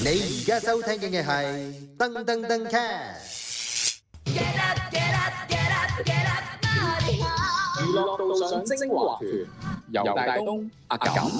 你而家收聽嘅係《噔噔噔卡》。娛樂道上精華團，由大東阿錦。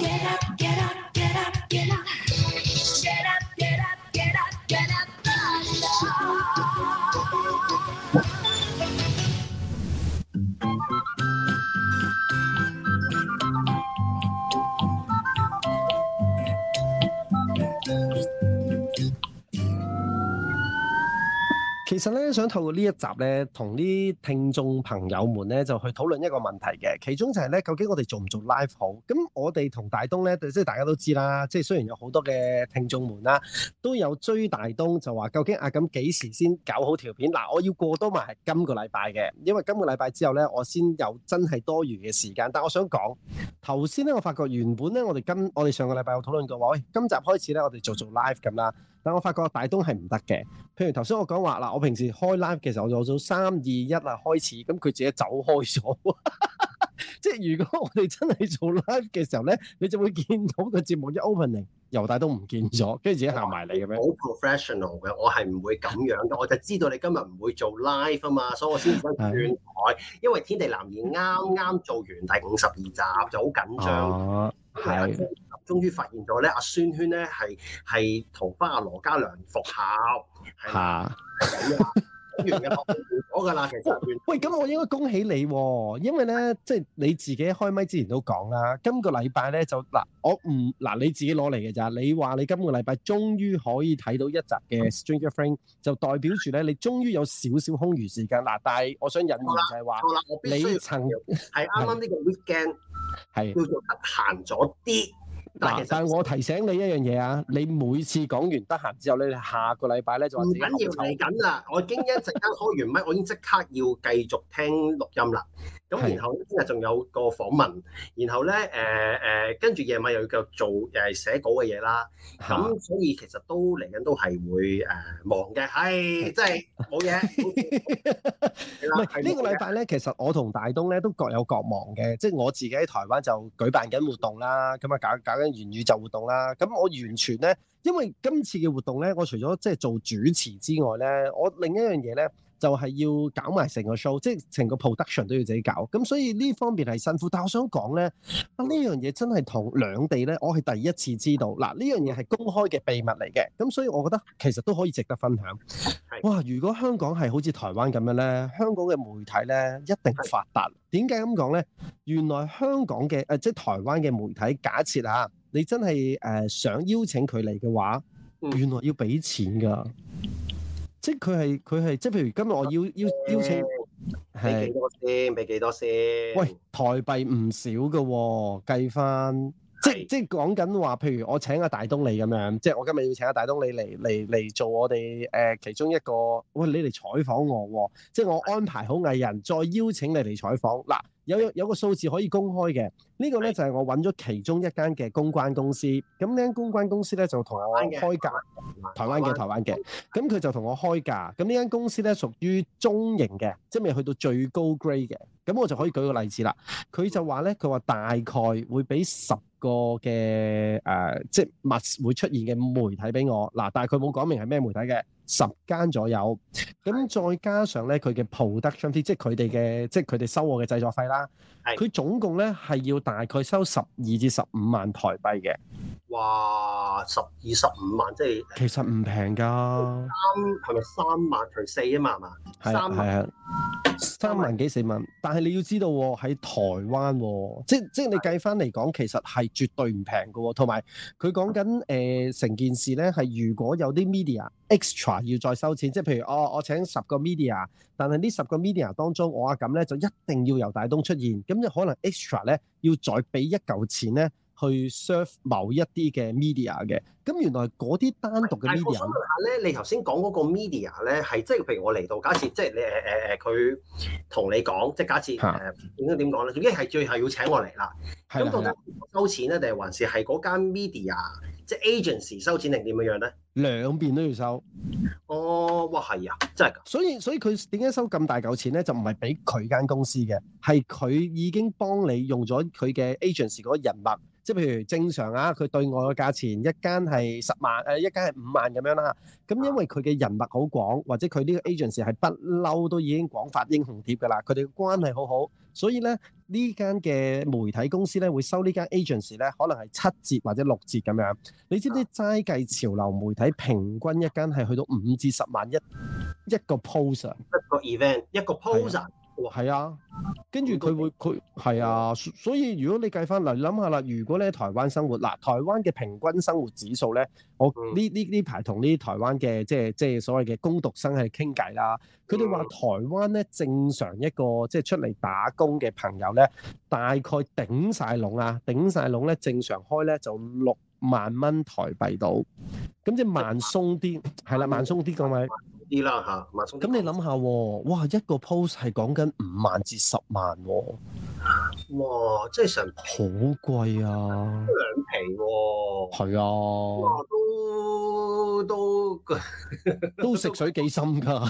其實咧，想透過呢一集咧，同啲聽眾朋友們咧，就去討論一個問題嘅，其中就係咧，究竟我哋做唔做 live 好？咁我哋同大東咧，即係大家都知啦，即係雖然有好多嘅聽眾們啦，都有追大東，就話究竟啊咁幾時先搞好條片？嗱，我要過到埋今個禮拜嘅，因為今個禮拜之後咧，我先有真係多餘嘅時間。但我想講，頭先咧，我發覺原本咧，我哋今，我哋上個禮拜有討論過話，喂、哎，今集開始咧，我哋做做 live 咁啦。但我發覺大東係唔得嘅。譬如頭先我講話嗱，我平時開 live 嘅時候，我數三二一啊開始，咁佢自己走開咗。即係如果我哋真係做 live 嘅時候咧，你就會見到個節目一 opening，尤大都唔見咗，跟住自己行埋嚟嘅咩？好 professional 嘅，我係唔會咁樣嘅， 我就知道你今日唔會做 live 啊嘛，所以我先唔轉台，的因為天地男兒啱啱做完第五十二集就好緊張，係啊，終於發現咗咧，阿孫圈咧係桃花巴羅嘉良復校，係啊 的。 完嘅學結果啦，其實。喂，咁我應該恭喜你啊，因為咧，即係你自己開麥之前都講啦，今個禮拜咧就嗱，我唔嗱你自己攞嚟嘅咋，你話你今個禮拜終於可以睇到一集嘅《Stranger Friends》就代表住咧你終於有少少空餘時間。嗱，但係我想引言就係話，好好你曾喺啱啱呢個 weekend 係叫做得閒咗啲。嗱，但係我提醒你一樣嘢啊！你每次講完得閒之後，你下個禮拜咧就話緊要嚟緊啦。我已經一陣間開完麥，我已經即刻要繼續聽錄音啦。咁然後咧今日仲有個訪問，然後咧誒誒，跟住夜晚又要繼續做誒寫稿嘅嘢啦。咁所以其實都嚟緊都係會誒忙嘅，係真係冇嘢。係啦，呢個禮拜咧，其實我同大東咧都各有各忙嘅，即係我自己喺台灣就舉辦緊活動啦，咁啊搞搞緊元宇宙活動啦。咁我完全咧，因為今次嘅活動咧，我除咗即係做主持之外咧，我另一樣嘢咧。就係要搞埋成個 show，即係成個 production 都要自己搞，咁所以呢方面係辛苦。但係我想講呢，呢樣嘢真係同兩地呢，我係第一次知道。嗱，呢樣嘢係公開嘅秘密嚟嘅，咁所以我覺得其實都可以值得分享。哇，如果香港係好似台灣咁樣呢，香港嘅媒體呢一定發達。點解咁講呢？原來香港嘅、呃、即係台灣嘅媒體，假設你真係、呃、想邀請佢嚟嘅話，原來要俾錢㗎。即佢係佢係，即係譬如今日我要邀邀、嗯、請，係俾幾多先？俾幾多先？喂，台幣唔少㗎喎，計返。即係即係講緊話，譬如我請阿大東你咁樣，即係我今日要請阿大東你嚟嚟嚟做我哋、呃、其中一個，喂你嚟採訪我，即係我安排好藝人，是的 再邀請你嚟採訪。嗱，有有個個數字可以公開嘅，呢個呢，是的 就係我揾咗其中一間嘅公關公司，咁呢間公關公司呢，就同我開價，台灣嘅台灣嘅，咁佢就同我開價，咁呢間公司呢，屬於中型嘅，即係未去到最高 grade 嘅，咁我就可以舉個例子啦，佢就話呢，佢話大概會俾十.個嘅、呃、即係物會出現嘅媒體俾我，嗱，但係佢冇講明係咩媒體嘅，十間左右，咁再加上咧佢嘅 production fee，即係佢哋嘅，即係佢哋收我嘅製作費啦。佢總共咧係要大概收十二至十五萬台幣嘅。哇！十二十五萬，即係其實唔平㗎。三係咪三萬除四啊？嘛係嘛？係啊，係啊，三萬幾四萬。但係你要知道喎，喺台灣、哦，即即係你計翻嚟講，係嘅。其實係絕對唔平㗎。同埋佢講緊誒成件事咧，係如果有啲 media extra 要再收錢，即係譬如我、哦、我請十個 media。但係呢十個 media 當中，我阿錦呢就一定要由大東出現，咁就可能 extra 呢，要再俾一嚿錢呢。去 serve 某一啲嘅 media 嘅，咁原來嗰啲單獨嘅 media 咧，你頭先講嗰個 media 咧，係即係譬如我嚟到，假設即係你誒誒誒佢同你講，即係假設誒點解點講咧，總之係最後要請我嚟啦。咁是的 到底收錢咧，定係還是係嗰間 media 即係 agency 收錢定點樣樣咧？兩邊都要收。哦，哇，係啊，真係。所以所以佢點解收咁大嚿錢咧？就唔係俾佢間公司嘅，係佢已經幫你用咗佢嘅 agency 嗰人物。即係譬如正常啊，佢對外嘅價錢一間係十萬，誒一間係五萬咁樣啦。咁因為佢嘅人脈好廣，或者佢呢個 agency 係不嬲都已經廣發英雄帖㗎啦。佢哋嘅關係好好，所以咧，呢間嘅媒體公司咧會收呢間 agency 咧可能係七折或者六折咁樣。你知唔知齋計潮流媒體平均一間係去到五至十萬一一個 poster，一個 event，一個 poster？係啊，跟住佢會佢係啊，所以如果你計翻嚟你諗下啦，如果咧台灣生活嗱，台灣嘅平均生活指數咧，嗯、我呢呢呢排同啲台灣嘅即係即係所謂嘅工讀生係傾偈啦，佢哋話台灣咧正常一個、嗯、即係出嚟打工嘅朋友咧，大概頂晒籠啊，頂晒籠咧正常開咧就六萬蚊台幣度，咁即係慢鬆啲，係啦、嗯啊，慢鬆啲咁咪。各位啲啦吓咁你諗下喎，哇一個 post 係講緊五萬至十萬喎、哦，哇，即係成好貴啊，兩皮喎、哦，係啊，都都都食水幾深㗎，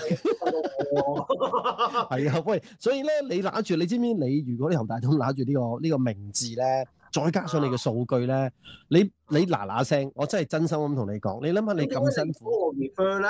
係 啊，喂，所以咧你揦住你知唔知？你如果你同大通揦住呢個呢、這個、名字咧，再加上你嘅數據咧，你你嗱嗱聲，我真係真心咁同你講，你諗下你咁辛苦，refer 咧。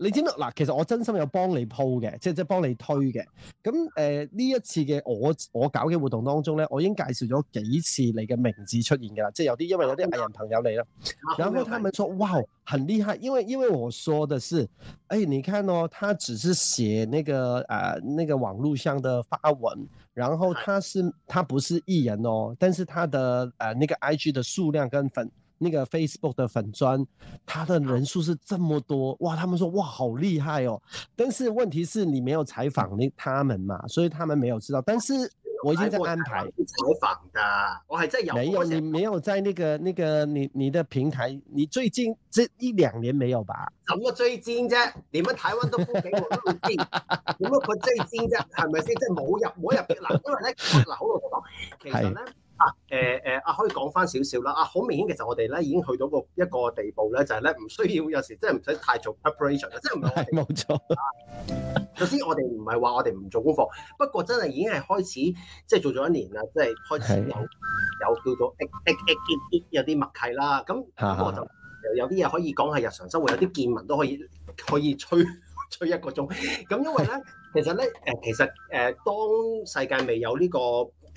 你知道嗱？其實我真心有幫你鋪嘅，即係即係幫你推嘅。咁誒呢一次嘅我我搞嘅活動當中咧，我已經介紹咗幾次你嘅名字出現㗎啦。即係有啲因為有啲藝人朋友嚟啦。嗯、然後他們說：嗯、哇，很厲害！因為因為我說的是，誒、哎，你看咯、哦，他只是寫那個誒、呃、那個網路上的發文，然後他是、嗯、他不是藝人哦，但是他的誒、呃、那個 IG 的數量跟粉。那個 Facebook 的粉專，他的人數是這麼多，哇！他們說哇，好厲害哦。但是問題是你沒有採訪那他們嘛，所以他們沒有知道。但是我已經在安排採訪的，我還在有。沒有，你沒有在那個那個你你的平台，你最近這一兩年沒有吧？怎麼最近在你們台灣都不給我入境，怎麼可最近在啫？係咪先？即冇入冇入？嗱，因為咧，嗱，好老實講，其實咧。 啊，誒、欸、誒，啊、欸，可以講翻少少啦。啊，好明顯，其實我哋咧已經去到個一個地步咧，就係咧唔需要有時真係唔使太做 preparation，對即係唔係？係冇沒錯。首先，我哋唔係話我哋唔做功課，不過真係已經係開始，即係做咗一年啦，即係開始有有叫做 A, A, A, A, A, A, 有啲默契啦。咁我就有啲嘢可以講係日常生活，有啲見聞都可以可以吹吹一個鐘。咁因為咧，其實咧，誒，其實誒，當世界未有呢個。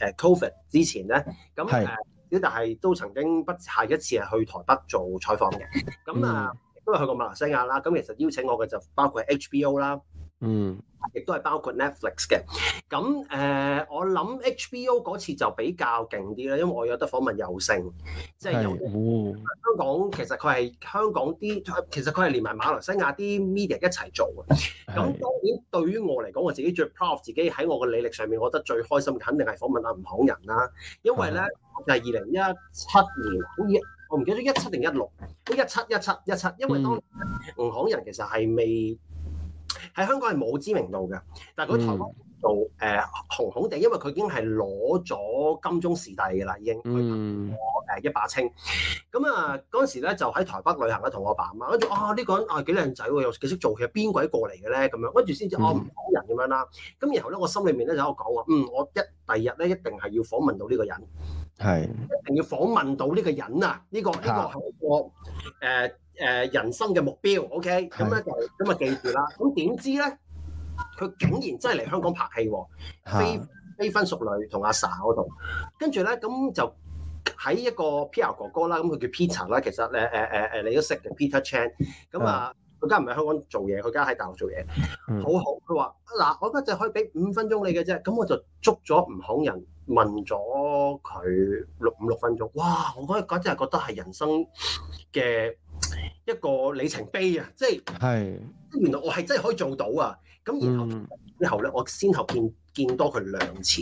誒 Covid 之前咧，咁誒，小是但係都曾經不下一次係去台北做採訪嘅，咁啊，都係 去過馬來西亞啦。咁其實邀請我嘅就包括 HBO 啦。嗯，亦都係包括 Netflix 嘅，咁誒、呃，我諗 HBO 嗰次就比較勁啲咧，因為我有得訪問有性，即係有的、嗯、香港，其實佢係香港啲，其實佢係連埋馬來西亞啲 media 一齊做嘅。咁、嗯、當然對於我嚟講，我自己最 proud of 自己喺我嘅履歷、歷上面，我覺得最開心嘅肯定係訪問阿吳行人啦，因為咧、嗯、就係二零一七年，好我唔記得一七定一六，一七一七一七，因為當吳行、嗯、人其實係未，喺香港係冇知名度嘅，但係佢喺台灣做誒、嗯呃、紅紅地，因為佢已經係攞咗金鐘視帝嘅啦，已經攞誒、嗯呃、一把青。咁啊嗰陣時咧就喺台北旅行咧，同我爸媽跟住啊呢、這個人啊幾靚仔喎，又幾識做，其實邊鬼過嚟嘅咧咁樣，跟住先至我唔講人咁樣啦。咁然後咧、嗯哦、我心裏面咧就講話，嗯，我一第二日咧一定係要訪問到呢個人，係的一定要訪問到呢個人啊！呢、這個呢、這個係一個的誒人生嘅目標，OK，咁咧的就咁啊記住啦。咁點知咧，佢竟然真係嚟香港拍戲喎，非的非分熟女同阿 Sa 喺度。跟住咧，咁就喺一個 Peter 哥哥啦，咁佢叫 Peter 啦。其實誒誒誒誒，你都識嘅 Peter Chan。咁啊，佢家唔喺香港做嘢，佢家喺大陸做嘢，的好好。佢話嗱，我而家就可以俾五分鐘你嘅啫。咁我就捉咗唔好人問咗佢六五六分鐘。哇！我嗰嗰陣覺得係人生嘅～一個里程碑啊，即係，係原來我係真係可以做到啊！咁是然後之、嗯、後咧，我先後見見多佢兩次，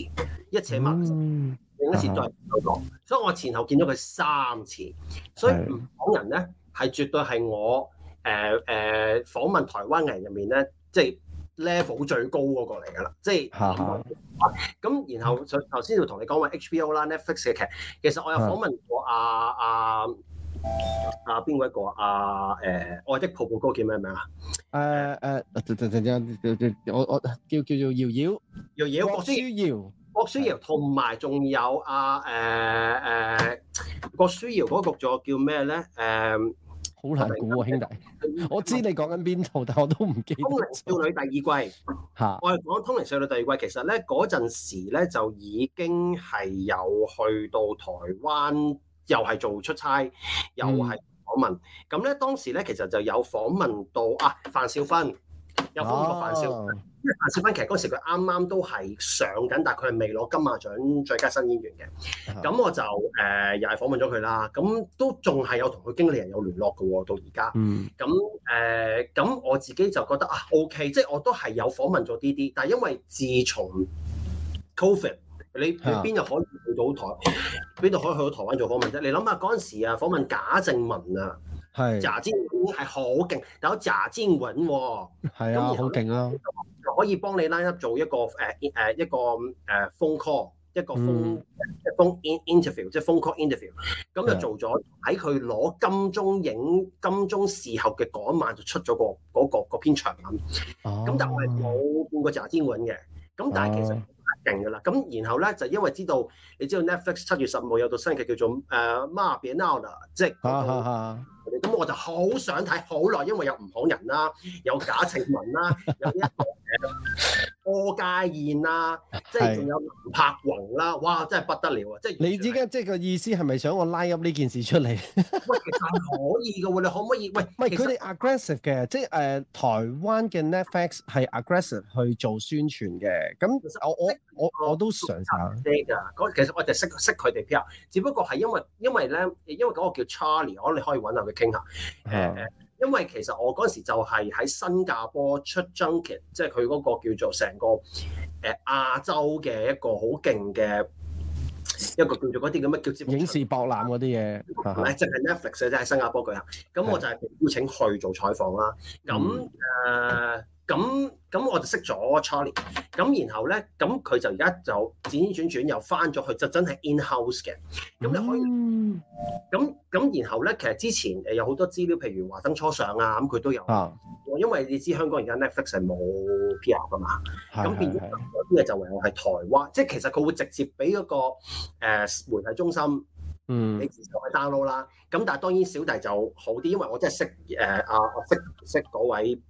一次千萬，嗯、另一次再再多，啊、所以我前後見咗佢三次，所以唔講人咧係絕對係我誒誒、呃呃、訪問台灣人入面咧，即係 level 最高嗰個嚟噶啦，即係咁、啊、然後頭先就同你講話 HBO 啦、Netflix 嘅劇，其實我有訪問過阿、啊、阿。啊啊阿邊個一個阿誒、啊欸、愛的抱抱歌叫咩名啊？誒、啊、誒，我我叫叫做瑤瑤，瑤瑤郭書瑤，郭書瑤，同埋仲有阿誒誒郭書瑤嗰個局座叫咩咧？誒，好難估啊，兄弟，嗯、我知你講緊邊套，但我都唔記。通靈少女第二季吓，哈我係講通靈少女第二季，其實咧嗰陣時咧就已經係有去到台灣。又係做出差，又係訪問。咁咧、嗯、當時咧，其實就有訪問到啊，范少芬，有訪過范少芬。啊、范少芬其實嗰時佢啱啱都係上緊，但係佢係未攞金馬獎最佳新演員嘅。咁、啊、我就誒、呃、又係訪問咗佢啦。咁都仲係有同佢經理人有聯絡嘅喎，到而家。咁誒咁我自己就覺得啊，OK，即係我都係有訪問咗啲啲，但係因為自從 Covid 你去邊就可以去到台？邊度、啊、可以去到台灣做訪問啫？你諗下嗰陣時啊，訪問賈靜雯啊，詐天穩係好勁，有詐天穩喎，係啊，好勁咯，可以幫你 line up 做一個誒誒一個誒 phone call，一個 phone、嗯，一個 phone interview，即係 phone call interview，咁就、啊、做咗喺佢攞金鐘影金鐘視后嘅嗰晚就出咗、嗰個嗰、嗰個、篇長文，咁、哦、但係冇半個詐天穩嘅，咁但係其實、哦。勁噶啦！咁然後咧就因為知道，你知道 Netflix 七月十五號有套新劇叫做《誒 Marvel Now》啦，即係、那、咁、個、 我就好想睇，好耐，因為有唔好人啦，有假情文啦，有一、這個柯嘉 燕啦、啊，即係仲有柏宏啦、啊，哇，真係不得了啊！即係你依家即係個意思係咪想我拉入呢件事出嚟？ 喂，其實可以噶喎，你可唔可以？喂，唔係佢哋 aggressive 嘅，即係誒，uh, 台灣嘅 Netflix 係 aggressive 去做宣傳嘅。咁我我我我都想嘗試其實我就識識佢哋 PR 只不過係因為因為咧，因為嗰個叫 Charlie，我哋可以搵下佢傾下。嗯因為其實我嗰陣時就係喺新加坡出 Junket，即係佢嗰個叫做成個誒亞洲嘅一個好勁嘅一個叫做嗰啲咁嘅叫節目。影視博覽嗰啲嘢，即係 Netflix 啊，即係新加坡舉行，咁我就係被邀請去做採訪啦。咁誒的。那嗯咁咁我就識咗 Charlie，咁然後咧，咁佢就而家就輾轉轉又翻咗去，就真係 in-house 嘅。咁你可以，咁咁、嗯、然後咧，其實之前誒有好多資料，譬如華燈初上啊，咁佢都有。啊，因為你知香港而家 Netflix 係冇 PR 㗎嘛，咁變咗嗰啲嘢就唯有係台灣。是是是即係其實佢會直接俾嗰、那個、呃、媒體中心，嗯、你自行去 download 啦。咁但係當然小弟就好啲，因為我真係識誒啊、呃，我識識嗰位。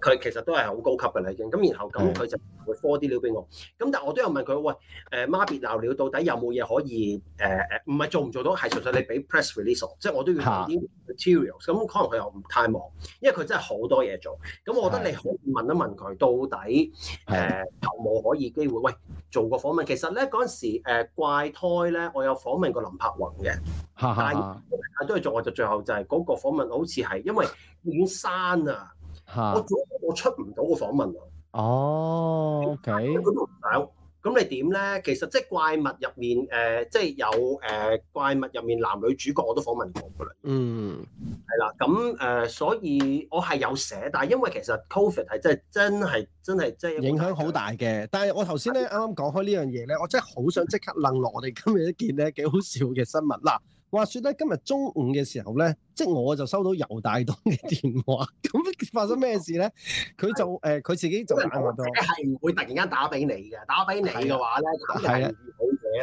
佢其實都係好高級嘅啦，已經咁，然後咁佢就會科啲料俾我。咁的但係我都有問佢，喂，誒，爆料到底有冇嘢可以誒誒？唔、呃、係做唔做到？係純粹你俾 press release，即係、就是、我都要啲 materials。咁的可能佢又唔太忙，因為佢真係好多嘢做。咁我覺得你可以問一問佢，的到底誒有冇可以機會喂做個訪問。其實咧嗰陣時、呃、怪胎咧，我有訪問過林柏宏嘅，的但係都係做，我就最後就係嗰個訪問好似係因為已經刪啊。我做我出唔到個訪問喎。哦，OK。咁咁你點咧？其實即係怪物入面，誒，即係有誒怪物入面男女主角我都訪問過㗎啦。嗯，係啦。咁誒，所以我係有寫，但係因為其實 Covid 係真係真係真係真係影響好大嘅。但係我頭先咧，啱啱講開呢樣嘢咧，我真係好想即刻愣落我哋今日一件咧幾好笑嘅新聞啦。 話說咧，今日中午嘅時候咧，即係我就收到游大東嘅電話，咁發生咩事咧？佢就誒佢的、呃、自己就係唔會突然間打俾你嘅，打俾你嘅話咧，咁就預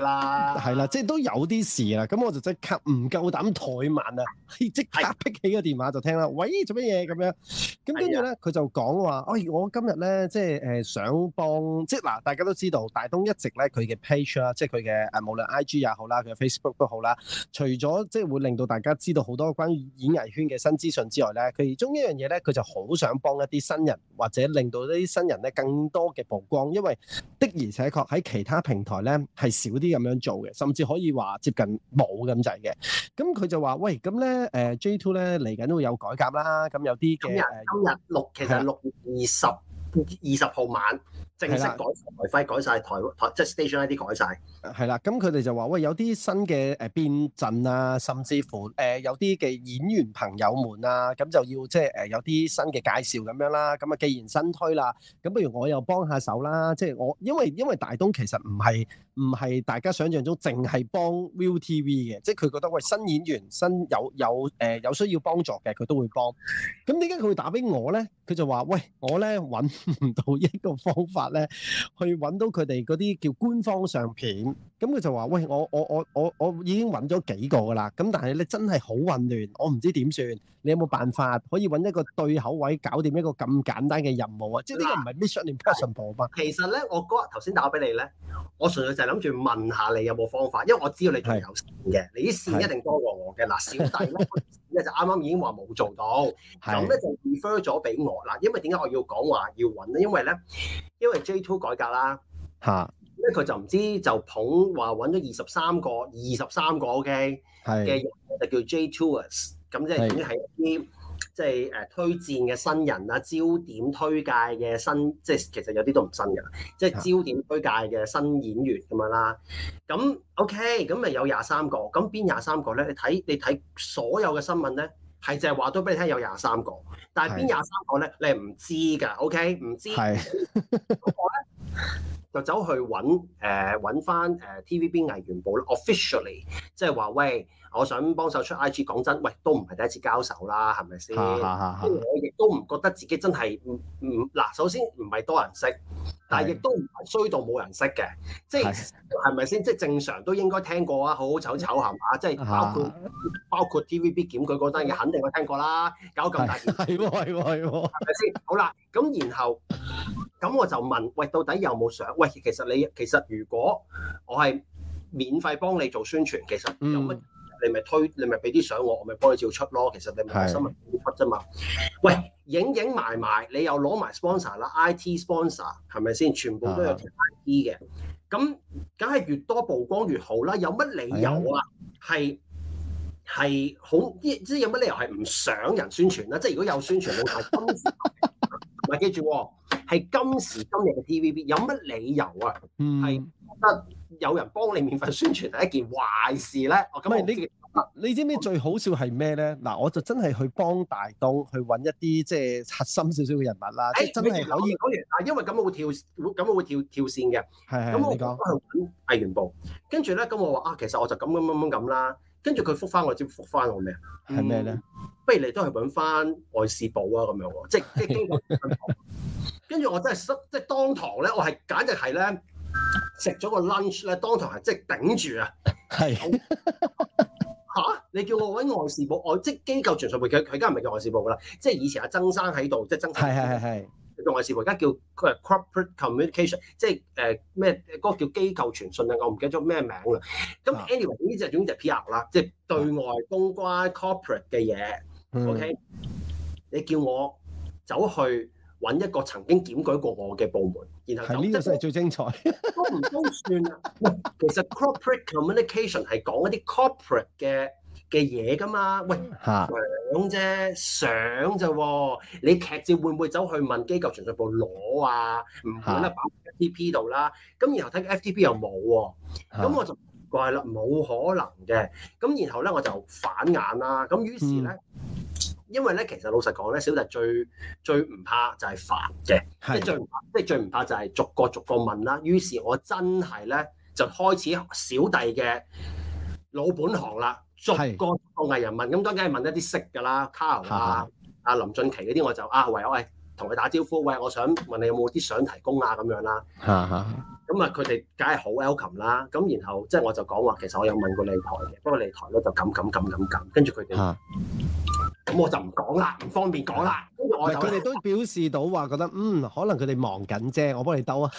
啦，係啦，即係都有啲事啦，咁我就即刻唔夠膽怠慢啊，即刻劈起個電話就聽啦，喂，做乜嘢咁樣？咁跟住咧，佢就講話，哎，我今日咧，即係誒想幫，即係嗱、啊，大家都知道，大東一直咧佢嘅 page 啦，即係佢嘅誒，無論 IG 也好啦，佢嘅 Facebook 都好啦，除咗即係會令到大家知道好多關於演藝圈嘅新資訊之外咧，其中一樣嘢咧，佢就好想幫一啲新人或者令到啲新人咧更多嘅曝光，因為的而且確喺其他平台咧係少。啲咁樣做嘅，甚至可以話接近冇咁滯嘅，咁佢就話：喂，咁咧，誒 J2 咧嚟緊都會有改革啦，咁有啲嘅誒，今日六其實六月二十二十號晚。正式改,台徽,改台改晒台即係 station 嗰啲改晒，係啦，咁佢哋就話：「喂，有啲新嘅誒變陣啊，甚至乎誒、呃、有啲嘅演員朋友們啊，咁就要即係誒有啲新嘅介紹咁樣啦。咁啊，既然新推啦，咁不如我又幫下手啦。即係我因為因為大東其實唔係唔係大家想象中淨係幫 Viu TV 嘅，即係佢覺得喂新演員、新有有誒、呃、有需要幫助嘅，佢都會幫。」咁點解佢會打俾我咧？佢就話：「喂，我咧揾唔到一個方法。咧去揾到佢哋嗰啲叫官方相片，咁佢就話，喂，我我我我我已經揾咗幾個噶啦，咁但係咧真係好混亂，我唔知點算，你有冇辦法可以揾一個對口位搞掂一個咁簡單嘅任務啊？喇即係呢個唔係 Mission Impossible 吧？其實咧，我嗰日頭先打俾你咧，我純粹就係諗住問下你有冇方法，因為我知道你仲有線嘅，的你啲線一定多過我嘅。嗱的，小弟咧。 就啱啱已經話冇做到，咁咧是的 就，就 refer 咗俾我嗱，因為點解我要講話要揾咧？因為咧，因為 J2 改革啦，係哈，咁咧佢就唔知就捧話揾咗二十三個，二十三個嘅嘅是的 人就叫 J2ers 咁即係已經係啲。即係誒推薦嘅新人啦，焦點推介嘅新，即係其實有啲都唔新㗎，即係焦點推介嘅新演員咁樣啦。咁 OK，咁咪有廿三個，咁邊廿三個咧？你睇你睇所有嘅新聞咧，係淨係話都俾你聽有廿三個，但係邊廿三個咧？你係唔知㗎？OK，唔知。係是的。 就走去揾誒揾、啊、翻誒 TVB 藝員部啦，officially 即係話喂，我想幫手出 IG。講真，喂都唔係第一次交手啦，係咪先？啊啊啊、我亦都唔覺得自己真係唔唔嗱，首先唔係多人識，但係亦都唔係衰到冇人識嘅，即係係咪先？即係、就是就是、正常都應該聽過啊，好好醜醜係嘛？即係、就是、包括、啊、包括 TVB 檢舉嗰單嘢，肯定會聽過啦，搞咁大件事係喎係咪先？好啦，咁然後咁我就問喂，到底有冇相？其實你其實如果我係免費幫你做宣傳，其實有乜、嗯、你咪推你咪俾啲相我，我咪幫你照出咯。其實你咪新聞稿出啫嘛。的喂，影影埋埋，你又攞埋 sponsor 啦的，IT sponsor 係咪先？全部都有條 IT 嘅。咁梗係越多曝光越好啦。有乜理由啊？係係好，即係有乜理由係唔想人宣傳咧？即係如果有宣傳，你係咪記住、哦？係今時今日嘅 TVB 有乜理由啊？係覺得有人幫你免費宣傳係一件壞事咧？咁、嗯、你知唔？你知唔知最好笑係咩咧？嗱，我就真係去幫大東去揾一啲即係核心少少嘅人物啦。誒、欸，即真係可以講完。嗱，因為咁我會跳，咁我會跳跳線嘅。係係的。咁我係揾藝員部。跟住咧，咁我話啊，其實我就咁咁咁咁啦。跟住佢覆返我，接覆返我咩啊？係咩咧？不如你都係揾返外事部啊，咁樣喎。即即經過。 跟住我真係失，即係當堂咧，我係簡直係咧食咗個 lunch 咧，當堂係即係頂住 啊！係嚇，你叫我揾外事部，外即機構傳訊部，佢佢而家唔係叫外事部啦，即係以前阿曾生喺度，即係曾生，係 叫外事部，而家叫 corporate communication，即係咩嗰個叫機構傳訊啊，我唔記得咗咩名啦。咁 anyway，呢隻總之就 PR 啦，即係對外公關 corporate 嘅嘢。OK，嗯，你叫我走去。揾一個曾經檢舉過我嘅部門，然後講真，係呢個先最精彩。 都唔都算啦。其實 corporate communication 係講一啲 corporate 嘅嘅嘢噶嘛。喂，想啫，相啫喎。你劇照會唔會走去問機構傳訊部攞啊？唔係擺喺 FTP 度啦。咁然後睇個 FTP 又冇喎、啊。咁我就唔怪啦，冇可能嘅。咁然後咧，我就反眼啦。咁於是咧。嗯。因為咧，其實老實講咧，小弟最最唔怕就係煩嘅，即最唔即係最唔怕就係逐個逐個問啦。於是，我真係咧就開始小弟嘅老本行啦，逐個藝人問。咁當然係問一啲識㗎啦，卡牛啊、阿林俊琪嗰啲，我就啊喂喂，同佢打招呼，喂，我想問你有冇啲相提供啊咁樣啦。嚇嚇。咁啊，佢哋梗係好 out 琴啦。咁然後即係我就講話，其實我有問過你台嘅，不過你台咧就咁咁咁咁咁，跟住佢哋。咁我就唔講啦，唔方便講啦。佢哋、啊、都表示到話覺得， 嗯，可能佢哋忙緊啫，我幫你兜啊。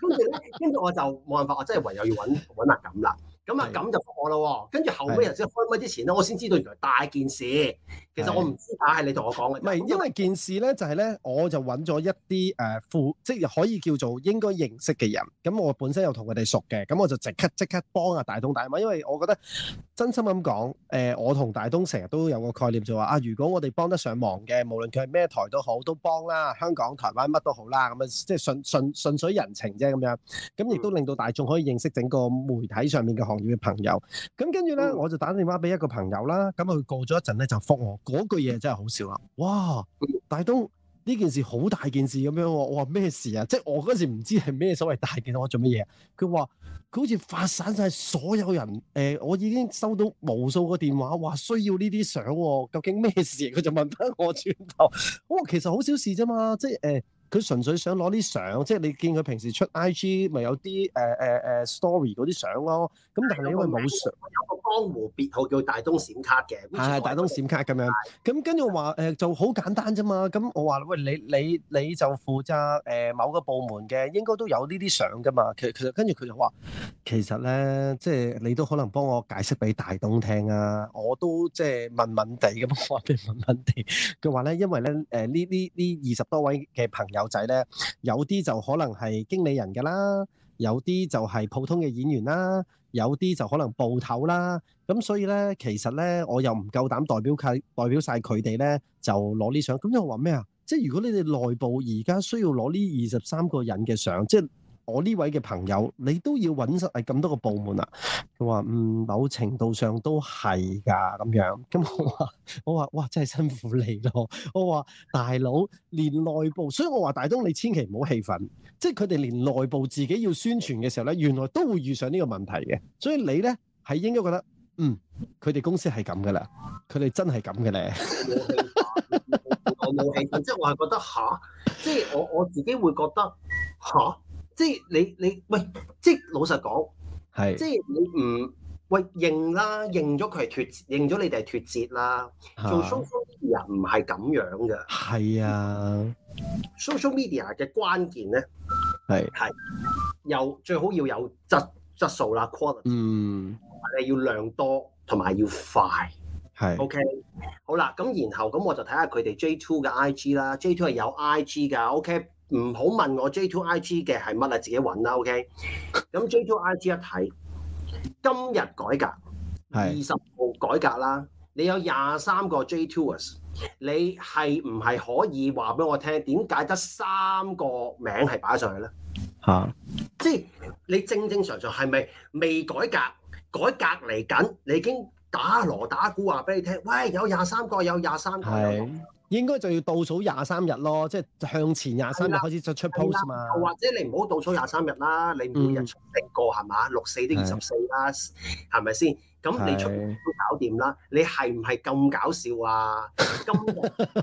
跟住，跟住我就冇辦法，我真係唯有要搵，搵壓咁啦。咁啊，咁就覆我咯。跟住是的 後尾，人先是的 開咪之前咧，我先知道原來大件事。是的 其實我唔知，係你同我講嘅。唔係，因為件事咧就係、是、咧，我就揾咗一啲富、呃，即可以叫做應該認識嘅人。咁我本身又同佢哋熟嘅，咁我就即刻即刻幫啊大東大媽，因為我覺得真心咁講、呃。我同大東成日都有個概念就話啊，如果我哋幫得上忙嘅，無論佢係咩台都好，都幫啦。香港、台灣乜都好啦，咁啊，即係順順順水人情啫咁樣。咁亦都令到大眾可以認識整個媒體上面嘅嘅朋友，咁跟住咧，我就打電話俾一個朋友啦。咁佢過咗一陣咧，就覆我嗰句嘢真係好少啦。哇，大東，呢件事好大件事咁樣，我話咩事啊？即係我嗰時唔知係咩所謂大件，我做乜嘢？佢話佢好似發散晒所有人，誒、呃，我已經收到無數個電話，話需要呢啲相，究竟咩事？佢就問翻我轉頭，我話其實好小事啫嘛，即係誒。呃佢純粹想攞啲相，即係你見佢平時出 IG，咪有啲、呃呃、story 嗰啲相咯。咁但係因為冇相，有個江湖別號叫大東閃卡嘅，係係大東閃卡咁樣。咁跟住我話就好簡單啫嘛。咁我話喂你你你就負責、呃、某個部門嘅，應該都有呢啲相㗎嘛。其實其實跟住佢就話，其實咧即係你都可能幫我解釋俾大東聽啊。我都即係問問地咁話俾問問地。佢話咧因為咧誒呢呢呢二十多位嘅朋友。仔咧，有啲就可能係經理人噶啦，有啲就係普通嘅演員啦，有啲就可能部頭啦。咁所以呢，其實呢，我又唔夠膽代表佢，代表晒佢哋呢，就攞呢相。咁又話咩啊？即係如果你哋內部而家需要攞呢二十三個人嘅相，即係。我呢位嘅朋友，你都要揾實，係咁多個部門啊？佢話嗯，某程度上都係噶，咁樣。咁我話我話哇，真係辛苦你咯。我話大佬連內部，所以我話大東你千祈唔好氣憤。即係佢哋連內部自己要宣傳嘅時候咧，原來都會遇上呢個問題嘅。所以你咧係應該覺得嗯，佢哋公司係咁噶啦，佢哋真係咁嘅咧。我冇氣憤，即係 我係覺得吓，即係、就是、我我自己會覺得吓。即係你你喂，即係老實講，係是即係你唔喂認啦，認咗佢係脱，認咗你哋係脱節啦。啊、做 social media 是是、啊、social media 唔係咁樣嘅，係啊。social media 嘅關鍵咧係係又最好要有質質素啦，quality，嗯，係要量多同埋要快，係是、okay？OK，好啦，咁然後咁我就睇下佢哋 J2 嘅 IG 啦，J2 係有 IG 㗎，OK。唔好問我 J2IG 嘅係乜啊，自己揾啦。OK，咁 J2IG 一睇，今日改革二十號改革啦，是你有廿三個 J2ers 你係唔係可以話俾我聽點解得三個名係擺上去咧？嚇、啊！即係你正正常常係咪未改革？改革嚟緊，你已經打鑼打鼓啊！話俾你聽，喂，有廿三個，有廿三個，應該就要倒數廿三日咯，即係向前廿三日開始就出 post 嘛。或者你唔好倒數廿三日啦，你每日出、嗯、定個係嘛？六四啲二十四啦，係咪先？咁你出部都搞掂啦。你係唔係咁搞笑啊？是的 今日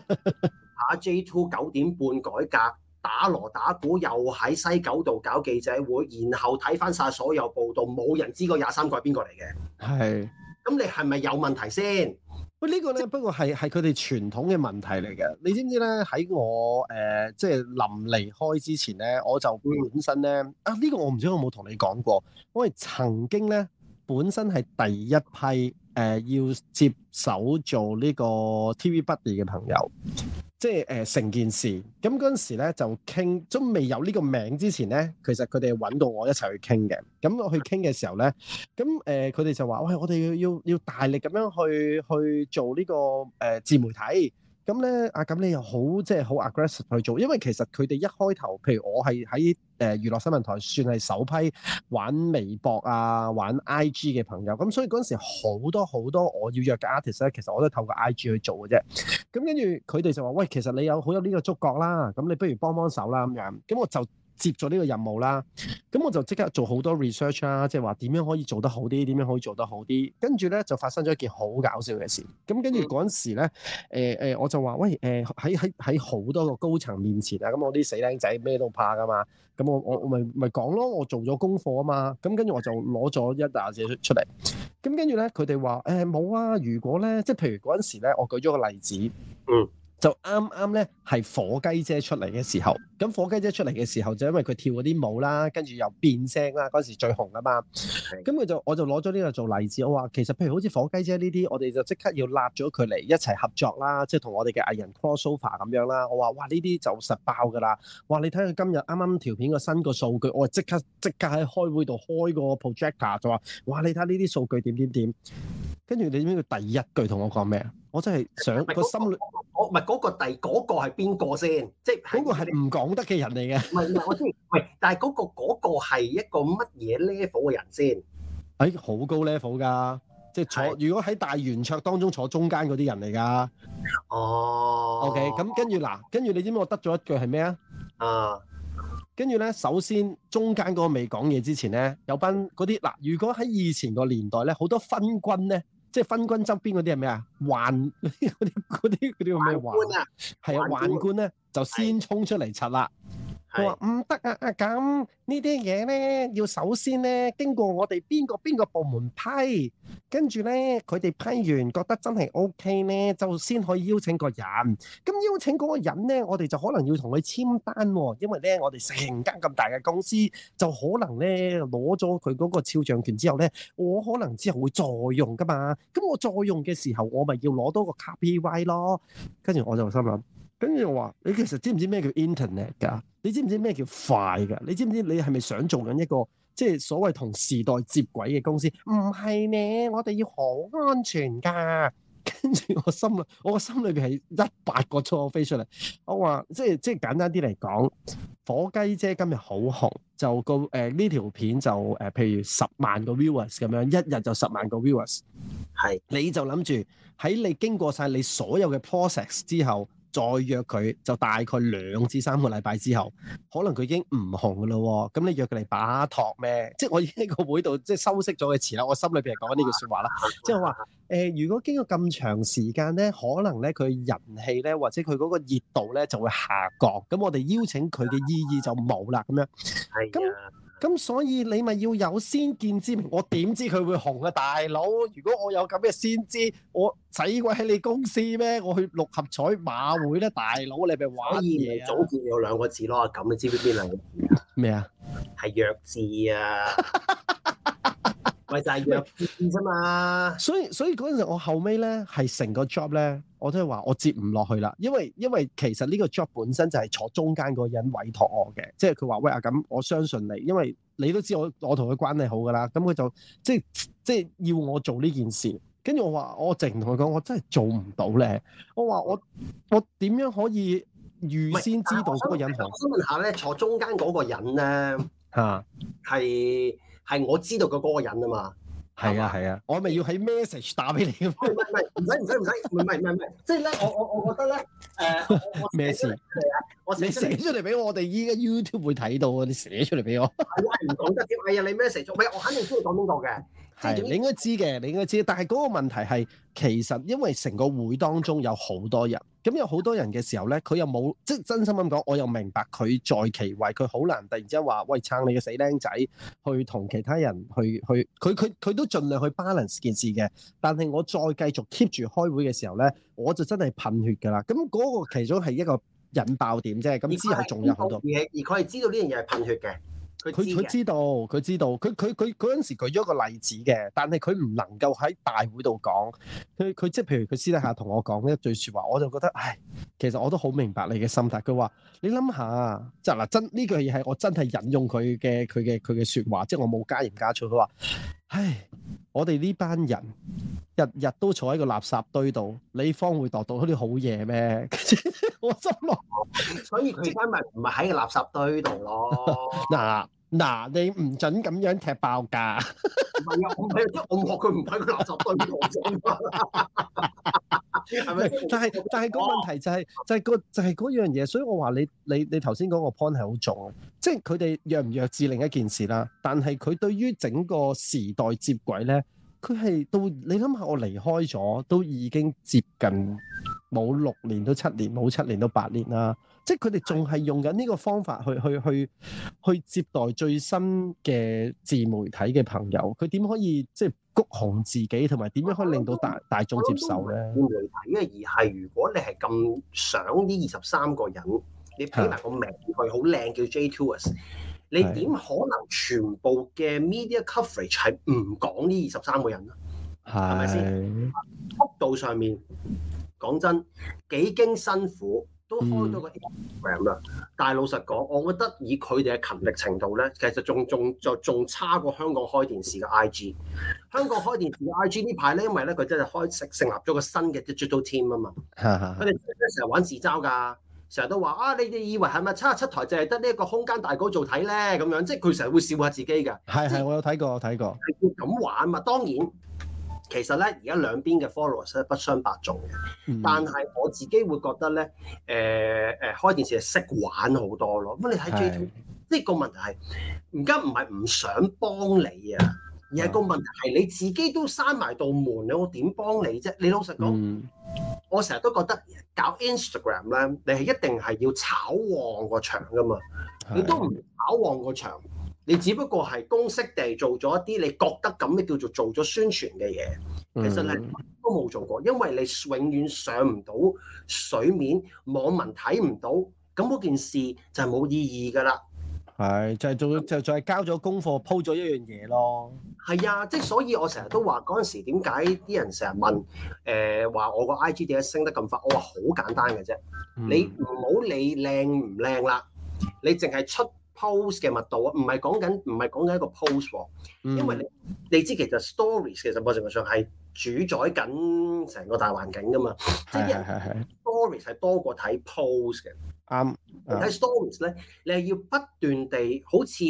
啊，J2 九點半改革打鑼打鼓又喺西九度搞記者會，然後睇翻晒所有報道，冇人知個廿三個係邊個嚟嘅。係。咁你係咪有問題先？喂，這個呢個咧即不過係係佢哋傳統嘅問題嚟嘅。你知唔知咧？喺我誒、呃、即係臨離開之前咧，我就本身咧啊呢、這個我唔知我有冇同你講過，我係曾經咧本身係第一批誒、呃、要接手做呢個 TV Buddy 嘅朋友。即係呃、成件事，咁嗰陣時咧就傾，仲未有呢個名之前咧，其實佢哋揾到我一齊去傾嘅。咁、嗯、我去傾嘅時候咧，咁呃、佢哋就話：喂，我哋要要要大力咁樣去去做呢個、呃、自媒體。咁咧，啊，咁你又好，即係好 aggressive 去做，因為其實佢哋一開頭，譬如我係喺誒娛樂新聞台算係首批玩微博啊、玩 IG 嘅朋友，咁所以嗰陣時好多好多我要約嘅 artist 咧，其實我都係透過 IG 去做嘅啫。咁跟住佢哋就話：喂，其實你有好有呢個觸覺啦，咁你不如幫幫手啦咁樣。咁我就接咗呢個任務啦，咁我就即刻做好多 research 啦，即係話點樣可以做得好啲，點樣可以做得好啲。跟住咧就發生咗一件好搞笑嘅事。咁跟住嗰陣時咧，誒誒、嗯欸欸，我就話：喂，誒喺喺喺好多個高層面前啊！咁我啲死靚仔咩都怕噶嘛。咁我我我咪咪講咯，我做咗功課啊嘛。咁跟住我就攞咗一沓嘢出嚟。咁跟住咧，佢哋話：誒、欸、冇啊，如果咧，即係譬如嗰陣時咧，我舉咗個例子，嗯。就啱啱咧係火雞姐出嚟嘅時候，咁火雞姐出嚟嘅時候就因為佢跳嗰啲舞啦，跟住又變聲啦，嗰時最紅啊嘛。咁佢的就我就攞咗呢個做例子，我話其實譬如好似火雞姐呢啲，我哋就即刻要立咗佢嚟一齊合作啦，即係同我哋嘅藝人 cross over 咁樣啦。我話哇呢啲就實爆噶啦！哇，你睇佢今日啱啱條片個新個數據，我即刻即刻喺開會度開個 projector 就話哇，你睇呢啲數據點點點。跟住你知唔知佢第一句同我講咩啊？我真係想個心裏，我唔係嗰個第嗰個係邊個先？即係嗰個係唔講得嘅人嚟嘅。唔係我知係，但係嗰個嗰個係一個乜嘢 level 嘅人先？誒，好高 level 㗎，即係坐。如果喺大圓桌當中坐中間嗰啲人嚟㗎。哦。OK，咁跟住嗱，跟住你知唔知我得咗一句係咩啊？啊，跟住咧，首先中間嗰個未講嘢之前咧，有班嗰啲嗱，如果喺以前個年代咧，好多分軍咧。即係分軍側邊嗰啲係咩啊？宦嗰啲嗰啲嗰啲叫咩宦官？係啊，宦官咧的就先衝出嚟插啦。佢話唔得啊！啊咁呢啲嘢呢，要首先呢經過我哋邊個邊個部門批，跟住呢，佢哋批完覺得真係 O K 呢就先可以邀請個人。咁邀請嗰個人呢，我哋就可能要同佢簽單喎、哦，因為呢，我哋成間咁大嘅公司，就可能呢攞咗佢嗰個肖像權之後呢，我可能之後會再用噶嘛。咁我再用嘅時候，我咪要攞多個 copy 咯。跟住我就心諗。跟住我話：你其實知唔知咩叫 internet 㗎？你知唔知咩叫快㗎？你知唔知你係咪想做緊一個即係所謂同時代接軌嘅公司？唔係咧，我哋要好安全㗎。跟住我心啊，我個心裏邊係一百個粗口飛出嚟。我話即係即係簡單啲嚟講，火雞姐今日好紅，就個、呃、呢條片就、呃、譬如十萬個 viewers 咁樣，一日就十萬個 viewers。係是，你就諗住喺你經過晒你所有嘅 process 之後。再約佢就大概兩至三個禮拜之後，可能佢已經唔紅㗎咯喎。咁你約佢嚟把托咩？即係我已經喺個會度，即係修飾咗嘅詞啦。我心裏邊係講緊呢句説話啦。即係我話誒，如果經過咁長時間咧，可能咧佢人氣咧或者佢嗰個熱度咧就會下降。咁我哋邀請佢嘅意義就冇啦。咁樣係。的那咁所以你咪要有先見之明，我點知佢會紅啊，大佬！如果我有咁嘅先知，我使鬼喺你公司咩？我去六合彩馬會咧、啊，大佬，你咪玩嘢、啊、早見有兩個字咯，咁你知唔知邊兩個字啊？咩啊？係弱智啊！咪就係約見啫嘛！所以所以嗰陣時，我後尾咧係成個 job 咧，我都係話我接唔落去啦。因為因為其實呢個 job 本身就係坐中間嗰個人委託我嘅，即係佢話喂啊，咁我相信你，因為你都知我我同佢關係好噶啦。咁佢就即係即係要我做呢件事，跟住我話我直同佢講，我真係做唔到咧。我話我我點樣可以預先知道嗰個人？我想，我想問下咧，坐中間嗰個人咧，啊係。係我知道嘅個嗰人啊嘛，係啊係啊，我咪要喺 message 打俾你咁，唔係唔係唔使唔使唔使，唔係唔係唔係，即係咧我我我覺得咧誒咩事？你寫出嚟俾我，我哋依家 YouTube 會睇到啊！你寫出嚟俾我，唔講得掂，係啊！你 message 唔係我肯定都要講東講西。係，你應該知嘅，你應該知的。但係嗰個問題係，其實因為成個會當中有好多人，咁有好多人嘅時候咧，佢又冇即係真心咁講，我又明白佢在其位，佢好難突然之間話喂，撐你個死僆仔去同其他人去去，佢佢佢都盡量去 balance 件事嘅。但係我再繼續 keep 住開會嘅時候咧，我就真係噴血㗎啦。咁嗰個其中係一個引爆點啫。咁之後仲有好多嘢，而佢係知道呢樣嘢係噴血嘅。佢佢知道，佢知道，佢佢佢嗰陣時舉咗個例子嘅，但係佢唔能夠喺大會度講，佢佢即係譬如佢私底下同我講一句說話，我就覺得，唉，其實我都好明白你嘅心態。佢話你諗下，即係嗱真呢句嘢係我真係引用佢嘅佢嘅佢嘅說話，即係我冇加鹽加醋。佢話。唉，我哋呢班人日日都坐喺個垃圾堆度 心想、啊啊，你方會度到啲好嘢咩？我心諗，所以佢而家咪唔係喺個垃圾堆度咯。嗱嗱，你唔准咁樣踢爆噶。唔係啊，我唔喺，我唔學佢，唔喺個垃圾堆度。係咪，但係但係個問題就係、是、就係、是、個就係、是、嗰樣嘢，所以我話你你你頭先講個 point 係好重要，即係佢哋弱唔弱智另一件事啦。但係佢對於整個時代接軌咧，佢係到你諗下，我離開咗都已經接近冇六年到七年，冇七年到八年啦。即係佢哋仲係用緊呢個方法去的去去去接待最新嘅自媒體嘅朋友，佢點可以即係、就是、谷紅自己，同埋點樣可以令到大大眾接受咧？我媒體嘅而係如果你係咁想呢二十三個人，你起埋個名佢好靚叫 J Twos 你點可能全部嘅 media coverage 係唔講呢二十三個人咧？係咪先？幅度的上面，講真幾經辛苦。都開多個 program 啦、嗯，但係老實講，我覺得以佢哋嘅勤力程度咧，其實仲仲就仲差過香港開電視嘅 IG。香港開電視嘅 IG 呢排咧，因為咧佢真係開成成立咗個新嘅 digital team 啊嘛，佢哋成日玩自嘲㗎，成日都話啊，你哋以為係咪七十七台就係得呢一個空間大哥做睇咧？咁樣即係佢成日會笑下自己㗎。係係 是，我有睇過，睇過。係咁玩嘛，當然。其實咧，而家兩邊嘅 followers 不相伯仲嘅，嗯、但係我自己會覺得咧，誒、呃、誒開電視係識玩好多咯。咁你睇 J2< 的>，呢個問題係，而家唔係唔想幫你啊，而係個問題係你自己都閂埋道門，你我點幫你啫？你老實講，嗯、我成日都覺得搞 Instagram 咧，你係一定係要炒旺個場噶嘛，的你都唔炒旺個場。你只不過係公式地做咗一啲你覺得咁嘅叫做做咗宣傳嘅嘢，其實你都冇做過，因為你永遠上唔到水面，網民睇唔到，咁嗰件事就係冇意義噶啦。係，就係、係、做就就係、係交咗功課，po 咗一樣嘢咯。係啊，即係所以我成日都話嗰陣時點解啲人成日問誒話、呃、我個 IG 點解升得咁快，我話好簡單嘅啫，你唔好理靚唔靚啦，你淨係出。post 嘅密度啊，唔係講緊，唔係講緊一個 post 喎、嗯，因為你你知其實 stories 其實某程度上係主宰緊成個大環境噶嘛， 即係啲人 stories 係多過睇 post 嘅、嗯，啱、嗯。睇 stories 咧，你係要不斷地好似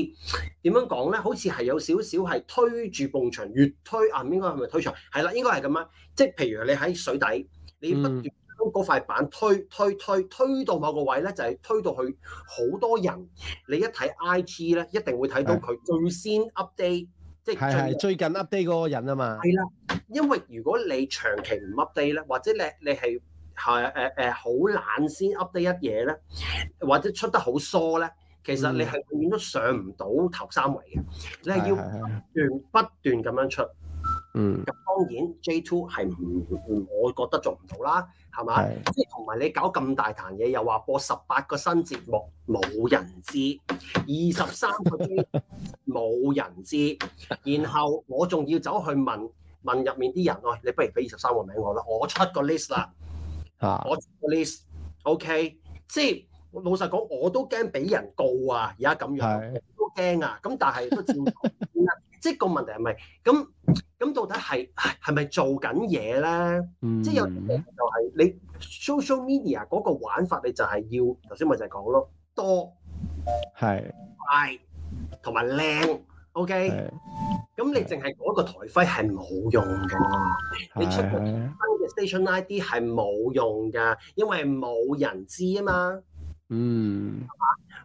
點樣講咧，好似係有少少係推住埲牆，越推啊，唔應該係咪推牆？係啦，應該係咁啊。即係譬如你喺水底，你要不斷、嗯。嗰塊板推推推推，推到某個位咧，就係、是、推到去好多人。你一睇 IG 咧，一定會睇到佢最先 update，即係最近 update 嗰個人啊嘛。係啦，因為如果你長期唔 update 咧，或者你你係係誒誒好懶先 update 一嘢咧，或者出得好疏咧，其實你係永遠都上唔到頭三位嘅。你係要不斷是的是的不斷咁樣出。嗯，咁當然 J2 係唔，我覺得做唔到啦，係嘛？即係同埋你搞咁大壇嘢，又話播十八個新節目冇人知，二十三個鐘冇 人知，然後我仲要走去問問入面啲人啊、哎，你不如俾二十三個名我啦，我出個 list 啦，啊，我出個 list，OK，okay？即係老實講我都驚俾人告啊，而家咁樣，是都驚啊，咁但係都照。 即係個問題係咪？咁咁到底係係咪做緊嘢咧？嗯、即係有啲就係你 social media 嗰個玩法，你就係要頭先咪就係講咯，多、快同埋靚，OK？咁是你淨係嗰個台徽係冇用㗎，的你出個新嘅 station ID 係冇用㗎，的因為冇人知啊嘛。嗯，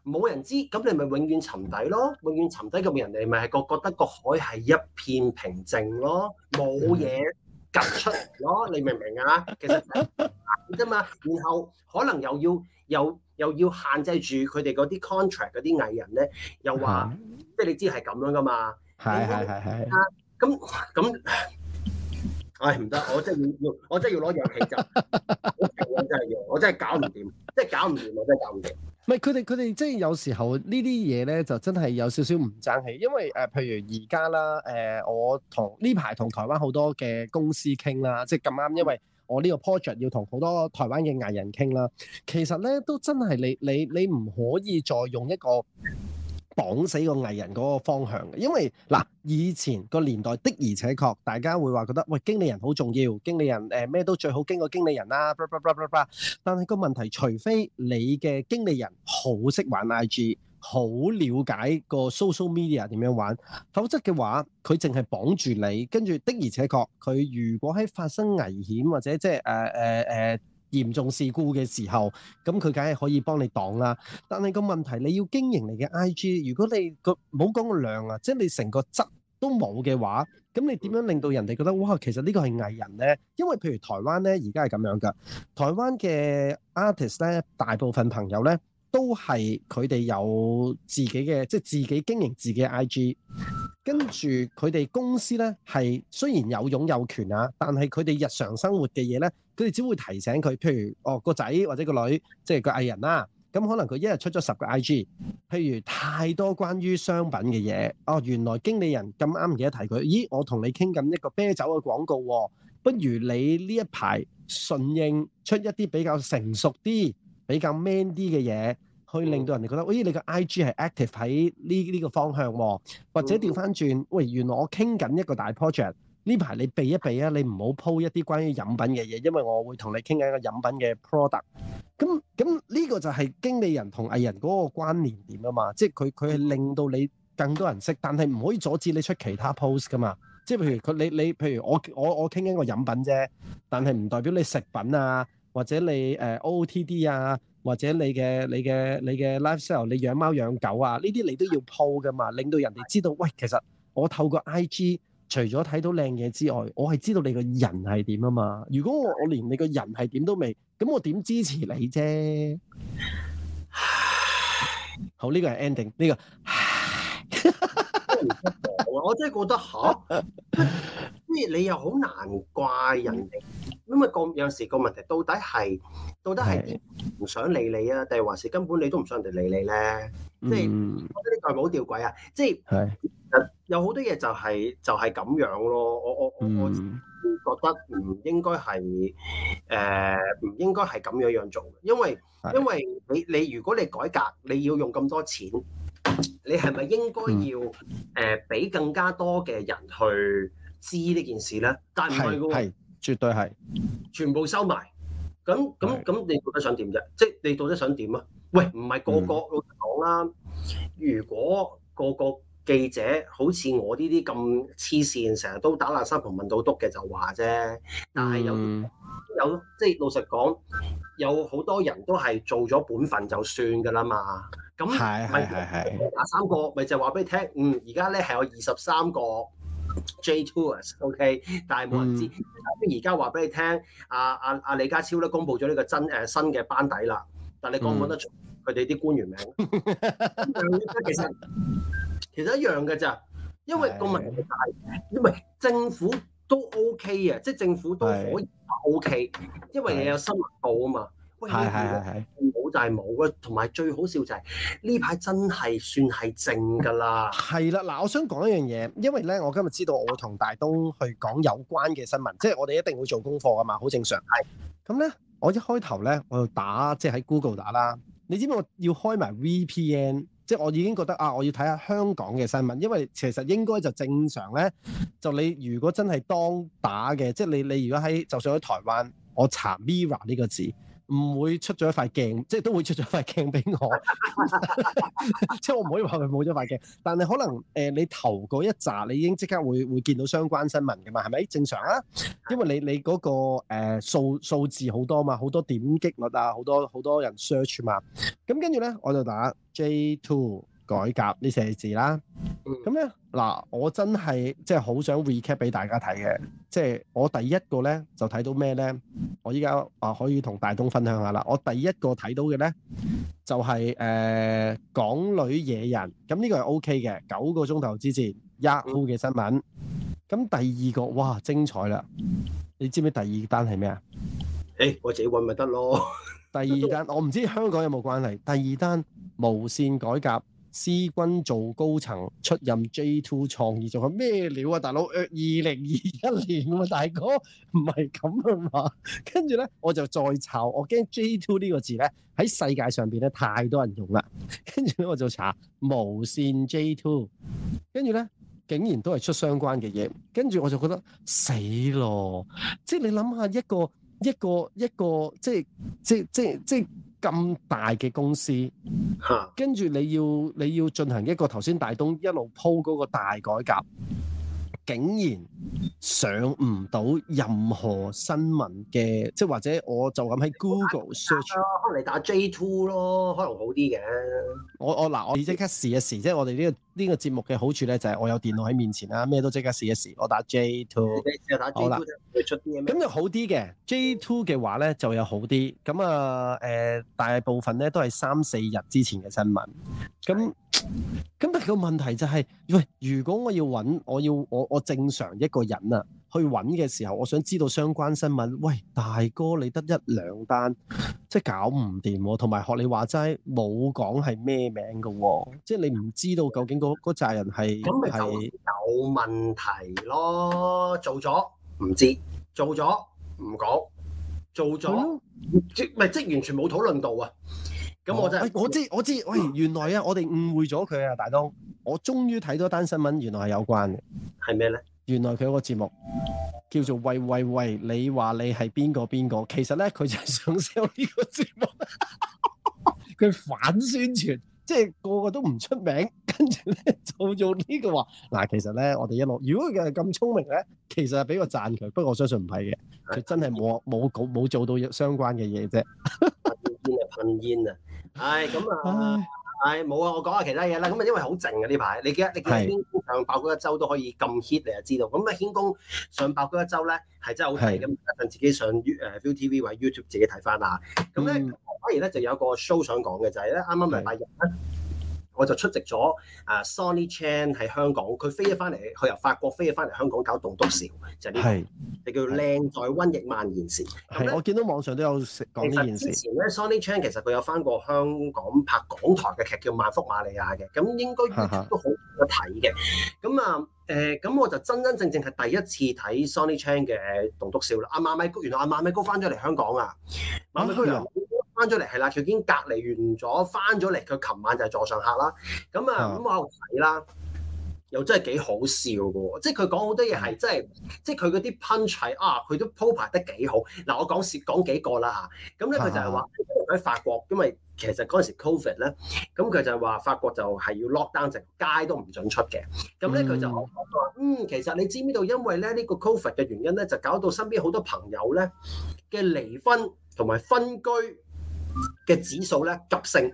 冇人知，咁你咪永遠沉底咯，永遠沉底，咁人哋咪係覺覺得個海係一片平靜咯，冇嘢撳出嚟咯，你明唔明啊？其實玩啫嘛，然後可能又要又又要限制住佢哋嗰啲 contract 嗰啲藝人咧，又話、嗯、即係你知係咁樣噶嘛，係係係係咁咁，唉唔得，我真係要要，我真係要攞氧氣嚟救， 真係要，我真係搞唔掂。搞唔掂，搞唔掂，即係搞唔掂，我真係搞唔掂。唔係佢哋，佢哋即係有時候這些東西呢啲嘢咧，就真係有少少唔爭氣。因為誒、呃，譬如而家啦，誒、呃，我同呢排同台灣好多嘅公司傾啦，即係咁啱，因為我呢個 project 要同好多台灣嘅藝人傾啦，其實咧都真係你你你唔可以再用一個。綁死個藝人嗰個方向，因為嗱，以前個年代的而且確，大家會話覺得喂，經理人好重要，經理人誒咩、呃、都最好經個經理人啦，巴拉巴拉巴拉。但係個問題，除非你嘅經理人好識玩 IG，好了解個 social media 點樣玩，否則嘅話佢淨係綁住你，跟住的而且確佢如果喺發生危險或者即係誒誒誒。呃呃呃嚴重事故嘅時候，咁佢梗係可以幫你擋啦。但係個問題，你要經營你嘅 IG，如果你個冇講個量啊，即係你成個質都冇嘅話，咁你點樣令到人哋覺得哇，其實呢個係藝人咧？因為譬如台灣咧，而家係咁樣㗎。台灣嘅 artist 咧，大部分朋友咧，都係佢哋有自己嘅，即係自己經營自己嘅 IG，跟住佢哋公司呢，係雖然有擁有權啊，但係佢哋日常生活嘅嘢呢，佢哋只會提醒佢，譬如哦個仔或者個女，即係個藝人啦、啊，咁可能佢一日出咗十個 IG，譬如太多關於商品嘅嘢，哦原來經理人咁啱唔記得提佢，咦我同你傾緊一個啤酒嘅廣告、哦，不如你呢一排順應出一啲比較成熟啲、比較 man 啲嘅嘢。去令到人哋覺得，咦、哎，你個 IG 係 active 喺呢呢個方向喎，或者調翻轉，喂，原來我傾緊一個大 project，呢排你避一避啊，你唔好 po 一啲關於飲品嘅嘢，因為我會同你傾緊個飲品嘅 product。咁咁呢個就係經理人同藝人嗰個關聯點啊嘛，即係佢佢係令到你更多人識，但係唔可以阻止你出其他 post 噶嘛。即係譬如佢你你，譬如我我我傾緊個飲品啫，但係唔代表你食品啊，或者你、呃、OOTD 啊。或者你嘅你嘅你嘅 lifestyle，你養貓養狗啊，呢啲你都要 po 噶嘛，令到人哋知道，喂，其實我透過 IG 除咗睇到靚嘢之外，我係知道你個人係點啊嘛。如果我我連你個人係點都未，咁我點支持你啫？好，呢個係 ending 呢個， 我真係覺得吓！你又好難怪人哋。咁啊，個有陣時個問題，到底係到底係唔想理你啊，定係的還是根本你都唔想人哋理你咧、嗯？即係覺得呢個係好吊詭啊！即係的有好多嘢就係、是、就係、是、咁樣咯。我我、嗯、我覺得唔應該係誒唔應該係咁樣樣做的，因為的因為你你如果你改革，你要用咁多錢，你係咪應該要誒俾、嗯呃、更加多嘅人去知呢件事咧？但唔係絕對係，全部收埋，咁咁咁，你到底想點啫？即係你到底想點啊？喂，唔係個個、嗯、老實講啦。如果個個記者好似我呢啲咁黐線，成日都打爛三盤問到篤嘅就話啫。但係有、嗯、有即係老實講，有好多人都係做咗本分就算㗎啦嘛。咁係係係，打三個咪就話、是、俾你聽，嗯，而家咧係有二十三個。J2，OK，但係冇人知。而家話俾你聽，阿阿阿李家超咧公布咗呢個真誒新嘅班底啦。但你講冇得出佢哋啲官員名。Mm. 其實其實一樣嘅咋，因為個問題係大，因為政府都 OK 啊，即係政府都可以 OK，的因為你有新聞報啊嘛。係係係，冇喂是就係冇啊，同埋是最好笑就係呢排真係算係靜㗎啦。係啦，嗱，我想講一樣嘢，因為咧，我今日知道我同大東去講有關嘅新聞，即係我哋一定會做功課㗎嘛，好正常。係，咁咧，我一開頭咧，我就打即係、就、喺、是、Google 打啦。你知唔知我要開埋 VPN？即係我已經覺得啊，我要睇下香港嘅新聞，因為其實應該就正常咧。就你如果真係當打嘅，即係你你如果喺，就算喺台灣，我查 Mirror 呢個字。唔會出咗一塊鏡，即係都會出咗一塊鏡俾我， 即係我唔可以話佢冇咗塊鏡。但係可能、呃、你頭嗰一集，你已經即刻會會見到相關新聞㗎嘛，係咪正常啊？因為你你嗰、嗰個數、呃、數數字好多嘛，好多點擊率啊，好多好多人 search 嘛。咁跟住咧，我就打 J2。改革呢四字啦，咁咧嗱，我真係即係好想 recap 俾大家睇嘅，即係我第一個咧就睇到咩咧？我依家啊可以同大東分享一下啦。我第一個睇到嘅咧就係、是、誒、呃、港女野人，咁呢個係 OK 嘅。九個鐘頭之前 Yahoo 嘅新聞，咁、嗯、第二個哇精彩啦！你知唔知第二單係咩啊？誒、欸，我自己揾咪得咯。 第二單我唔知香港有冇關係。第二單無線改革。C 君做高層出任 J2 創意做緊咩料啊？大佬二零二一年喎、啊、大哥唔係咁啊嘛，跟住咧我就再查，我驚 J2 呢個字咧喺世界上邊咧太多人用啦，跟住咧我就查無線 J2 跟住咧竟然都係出相關嘅嘢，跟住我就覺得死咯，即係你諗下一個一個一個即係即係即係即係。咁大嘅公司，跟住你要你要進行一個頭先大東一路鋪嗰個大改革，竟然上唔到任何新聞嘅，即係或者我就咁喺 Google search 你打 J2 咯，可能好啲嘅。我我嗱，我即刻試一試，即係我哋呢、這個。呢個節目嘅好處咧，就係我有電腦喺面前啦，咩都即刻試一試。我打 J2，好啦，咁就好啲嘅。J2 嘅話咧，就有好啲。咁啊，誒、呃，大部分咧都係三四日之前嘅新聞。咁咁但係個問題就係、是，喂，如果我要揾，我要我我正常一個人啊，去揾嘅時候，我想知道相關新聞。喂，大哥，你得一兩單，即係搞唔掂。同埋學你話齋，冇講係咩名嘅，即係你唔知道究竟嗰嗰責人係係有問題咯。做咗唔知，做咗唔講，做咗即咪即完全冇討論到啊。咁我就我知我知。喂、哎，原來啊，我哋誤會咗佢啊，大東。我終於睇到一單新聞，原來係有關嘅，係咩咧？原來佢有個節目叫做喂喂喂，你話你係邊個邊個？其實咧佢就係想 sell 呢個節目，佢 反宣傳，即係個個都唔出名，跟住咧就做呢個話。嗱，其實咧我哋一路，如果佢係咁聰明咧，其實係俾個讚佢。不過我相信唔係嘅，佢真係冇冇冇做到相關嘅嘢啫。噴 煙啊！噴煙啊！唉，咁啊～係冇、哎、啊，我講下其他嘢啦。咁啊，因為好靜啊呢排。你記得，你見軒公上爆嗰一周都可以咁 hit 你就知道。咁啊，軒公上爆嗰一周咧，係真係好睇。e a t 咁等陣自己上 ViuTV 或者 YouTube 自己睇翻啦。咁咧、嗯、反而咧就有個 show 想講嘅就係、是、咧，啱啱咪第我就出席咗啊，Sony Chan 喺香港，佢飛咗翻嚟，佢由法國飛咗翻嚟香港搞棟篤笑，就係、是、呢、這個，你是叫靚在瘟疫蔓延時。係，是有我見到網上都有講呢件事。之前 Sony Chan 其實佢有翻過香港拍港台嘅劇，叫《萬福瑪利亞》嘅，咁應該都好得睇嘅。咁 啊，誒、欸，咁我就真真正正係第一次睇 Sony Chan 嘅棟篤笑啦！阿、啊、馬米高，原來阿、啊、馬米高翻咗嚟香港馬啊！馬米高有。翻咗嚟係啦，佢已經隔離完咗，翻咗嚟佢琴晚就係座上客啦。咁啊，咁的我睇啦，又真係幾好笑嘅喎！即係佢講好多嘢係，即係即係佢嗰啲 punchline 啊，佢都鋪排得幾好。嗱、啊，我講講幾個啦嚇。咁咧佢就係話喺法國，因為其實嗰陣時 covid 咧，咁佢就係話法國就係要 lock down 成街都唔准出嘅。咁咧佢就嗯，嗯，其實你知唔知道，因為咧呢、這個 covid 嘅原因咧，就搞到身邊好多朋友咧嘅離婚同埋分居。嘅指數咧急升，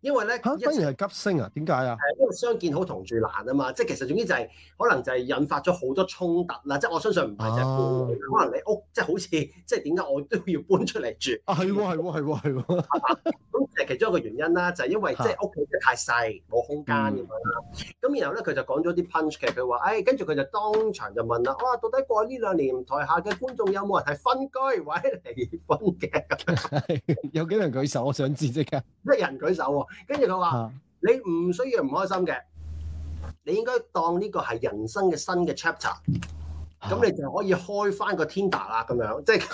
因為咧，嚇，居然係急升啊？點解一啊？誒，因為相見好同住難啊嘛，即係其實總之就係、是、可能就係引發咗好多衝突啦，即係我相信唔係隻故，啊、可能你屋即係好似即係點解我都要搬出嚟住？啊，係喎、啊，係喎、啊，係喎、啊，咁、啊。 其中一個原因啦，就係因為即係屋企太細，冇、啊、空間咁樣啦。咁然後咧，佢就講咗啲 punch 嘅，佢、哎、話：，誒，跟住佢就當場就問啦，哇、啊，到底過去呢兩年台下嘅觀眾有冇人係分居或者離婚嘅？ 有幾人舉手？我想知即刻。一人舉手喎，跟住佢話：啊、你唔需要唔開心嘅，你應該當呢個係人生嘅新嘅 chapter，咁你就可以開翻個 Tinder 啦，咁樣，即係。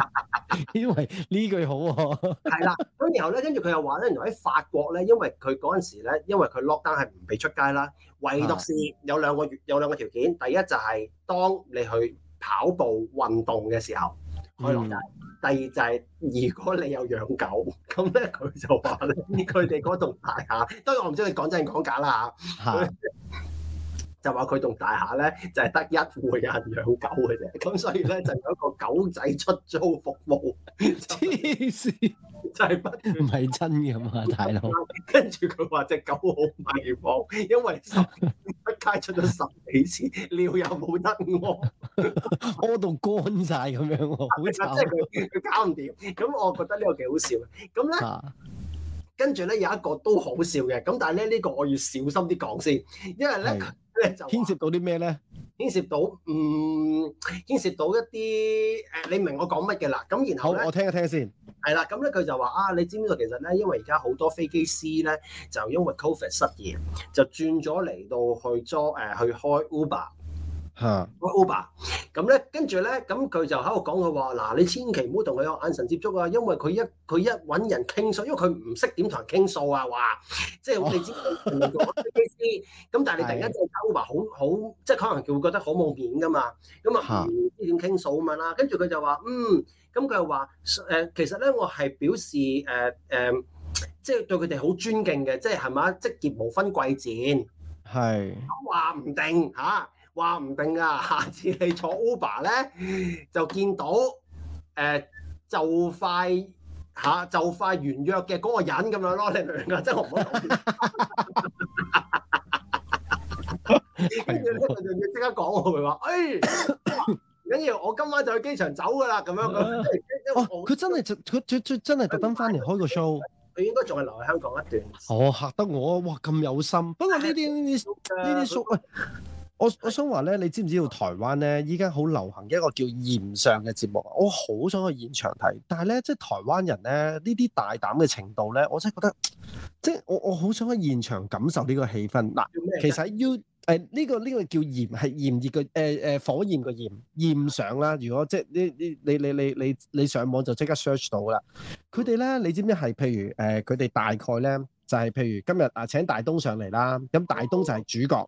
因為呢句好喎、啊， 係啦。咁然後咧，跟住佢又話咧，原來喺法國咧，因為佢嗰陣時咧，因為佢 lockdown 係唔俾出街啦。唯獨係有兩個有兩個條件。第一就係當你去跑步運動嘅時候可以落街。嗯、第二就係、是、如果你有養狗，咁咧佢就話咧，佢哋嗰棟大廈，當然我唔知你講真講假啦。 就話佢棟大廈咧，就係得一戶人養狗嘅啫，咁所以咧就有一個狗仔出租服務，黐線， 就係不唔係真嘅嘛，大佬。跟住佢話隻狗好迷茫，因為十 一街出咗十幾次，尿又冇得屙，屙到 乾晒咁樣喎，即係佢搞唔掂。咁 我覺得呢個幾好笑的。咁咧。啊跟住咧有一個都好笑嘅，咁但係咧呢、呢個我要小心啲講先，因為咧佢咧是就牽涉到啲咩咧？牽涉到嗯，牽涉到一啲誒，你明我講乜嘅啦。咁然後咧，我聽一聽先。係啦，咁咧佢就話啊，你知唔知道其實咧，因為而家好多飛機師咧，就因為 Covid 失業，就轉咗嚟到去揸誒、呃、去開 Uber。啊！我 OBA 咁咧，跟住咧，咁佢就喺度講佢話：嗱，你千祈唔好同佢有眼神接觸啊，因為佢一佢一揾人傾訴，因為佢唔識點同人傾訴啊，哇！即係我哋知？咁、 嗯、但係你突然間再加 o 好好，好即係可能佢會覺得好冇面噶嘛。咁啊，唔知點傾訴嘛。啦。跟住佢就話：嗯，咁佢又話誒，其實咧我係表示誒誒、呃呃，即係對佢哋好尊敬嘅，即係係嘛職業無分貴賤。係是的，話唔定嚇。話唔定啊，下次你坐 Uber 咧，就見到誒，就快吓，就快完約嘅嗰個人咁樣咯，你明唔明啊？真係唔好諗住，跟住咧，仲要即刻講我佢話：，哎，跟住我今晚就去機場走噶啦，咁樣。哦，佢真係特，佢真係特登翻嚟開個 show。佢應該仲係留喺香港一段。哦，吓得我，哇，咁有心。不過呢啲呢啲呢啲 show。我我想話咧，你知唔知道台灣咧依家好流行一個叫炎上嘅節目啊！我好想去現場睇，但係咧即係台灣人咧呢啲大膽嘅程度咧，我真係覺得即係我我好想去現場感受呢個氣氛嗱。啊、麼其實要誒呢個呢、呢個叫炎係炎熱嘅誒誒火焰嘅炎炎上啦。如果即係你你你你你你上網就即刻 search 到啦。佢哋咧，你知唔知係譬如誒佢哋大概咧就係、係、譬如今日啊請大東上嚟啦，咁大東就係主角。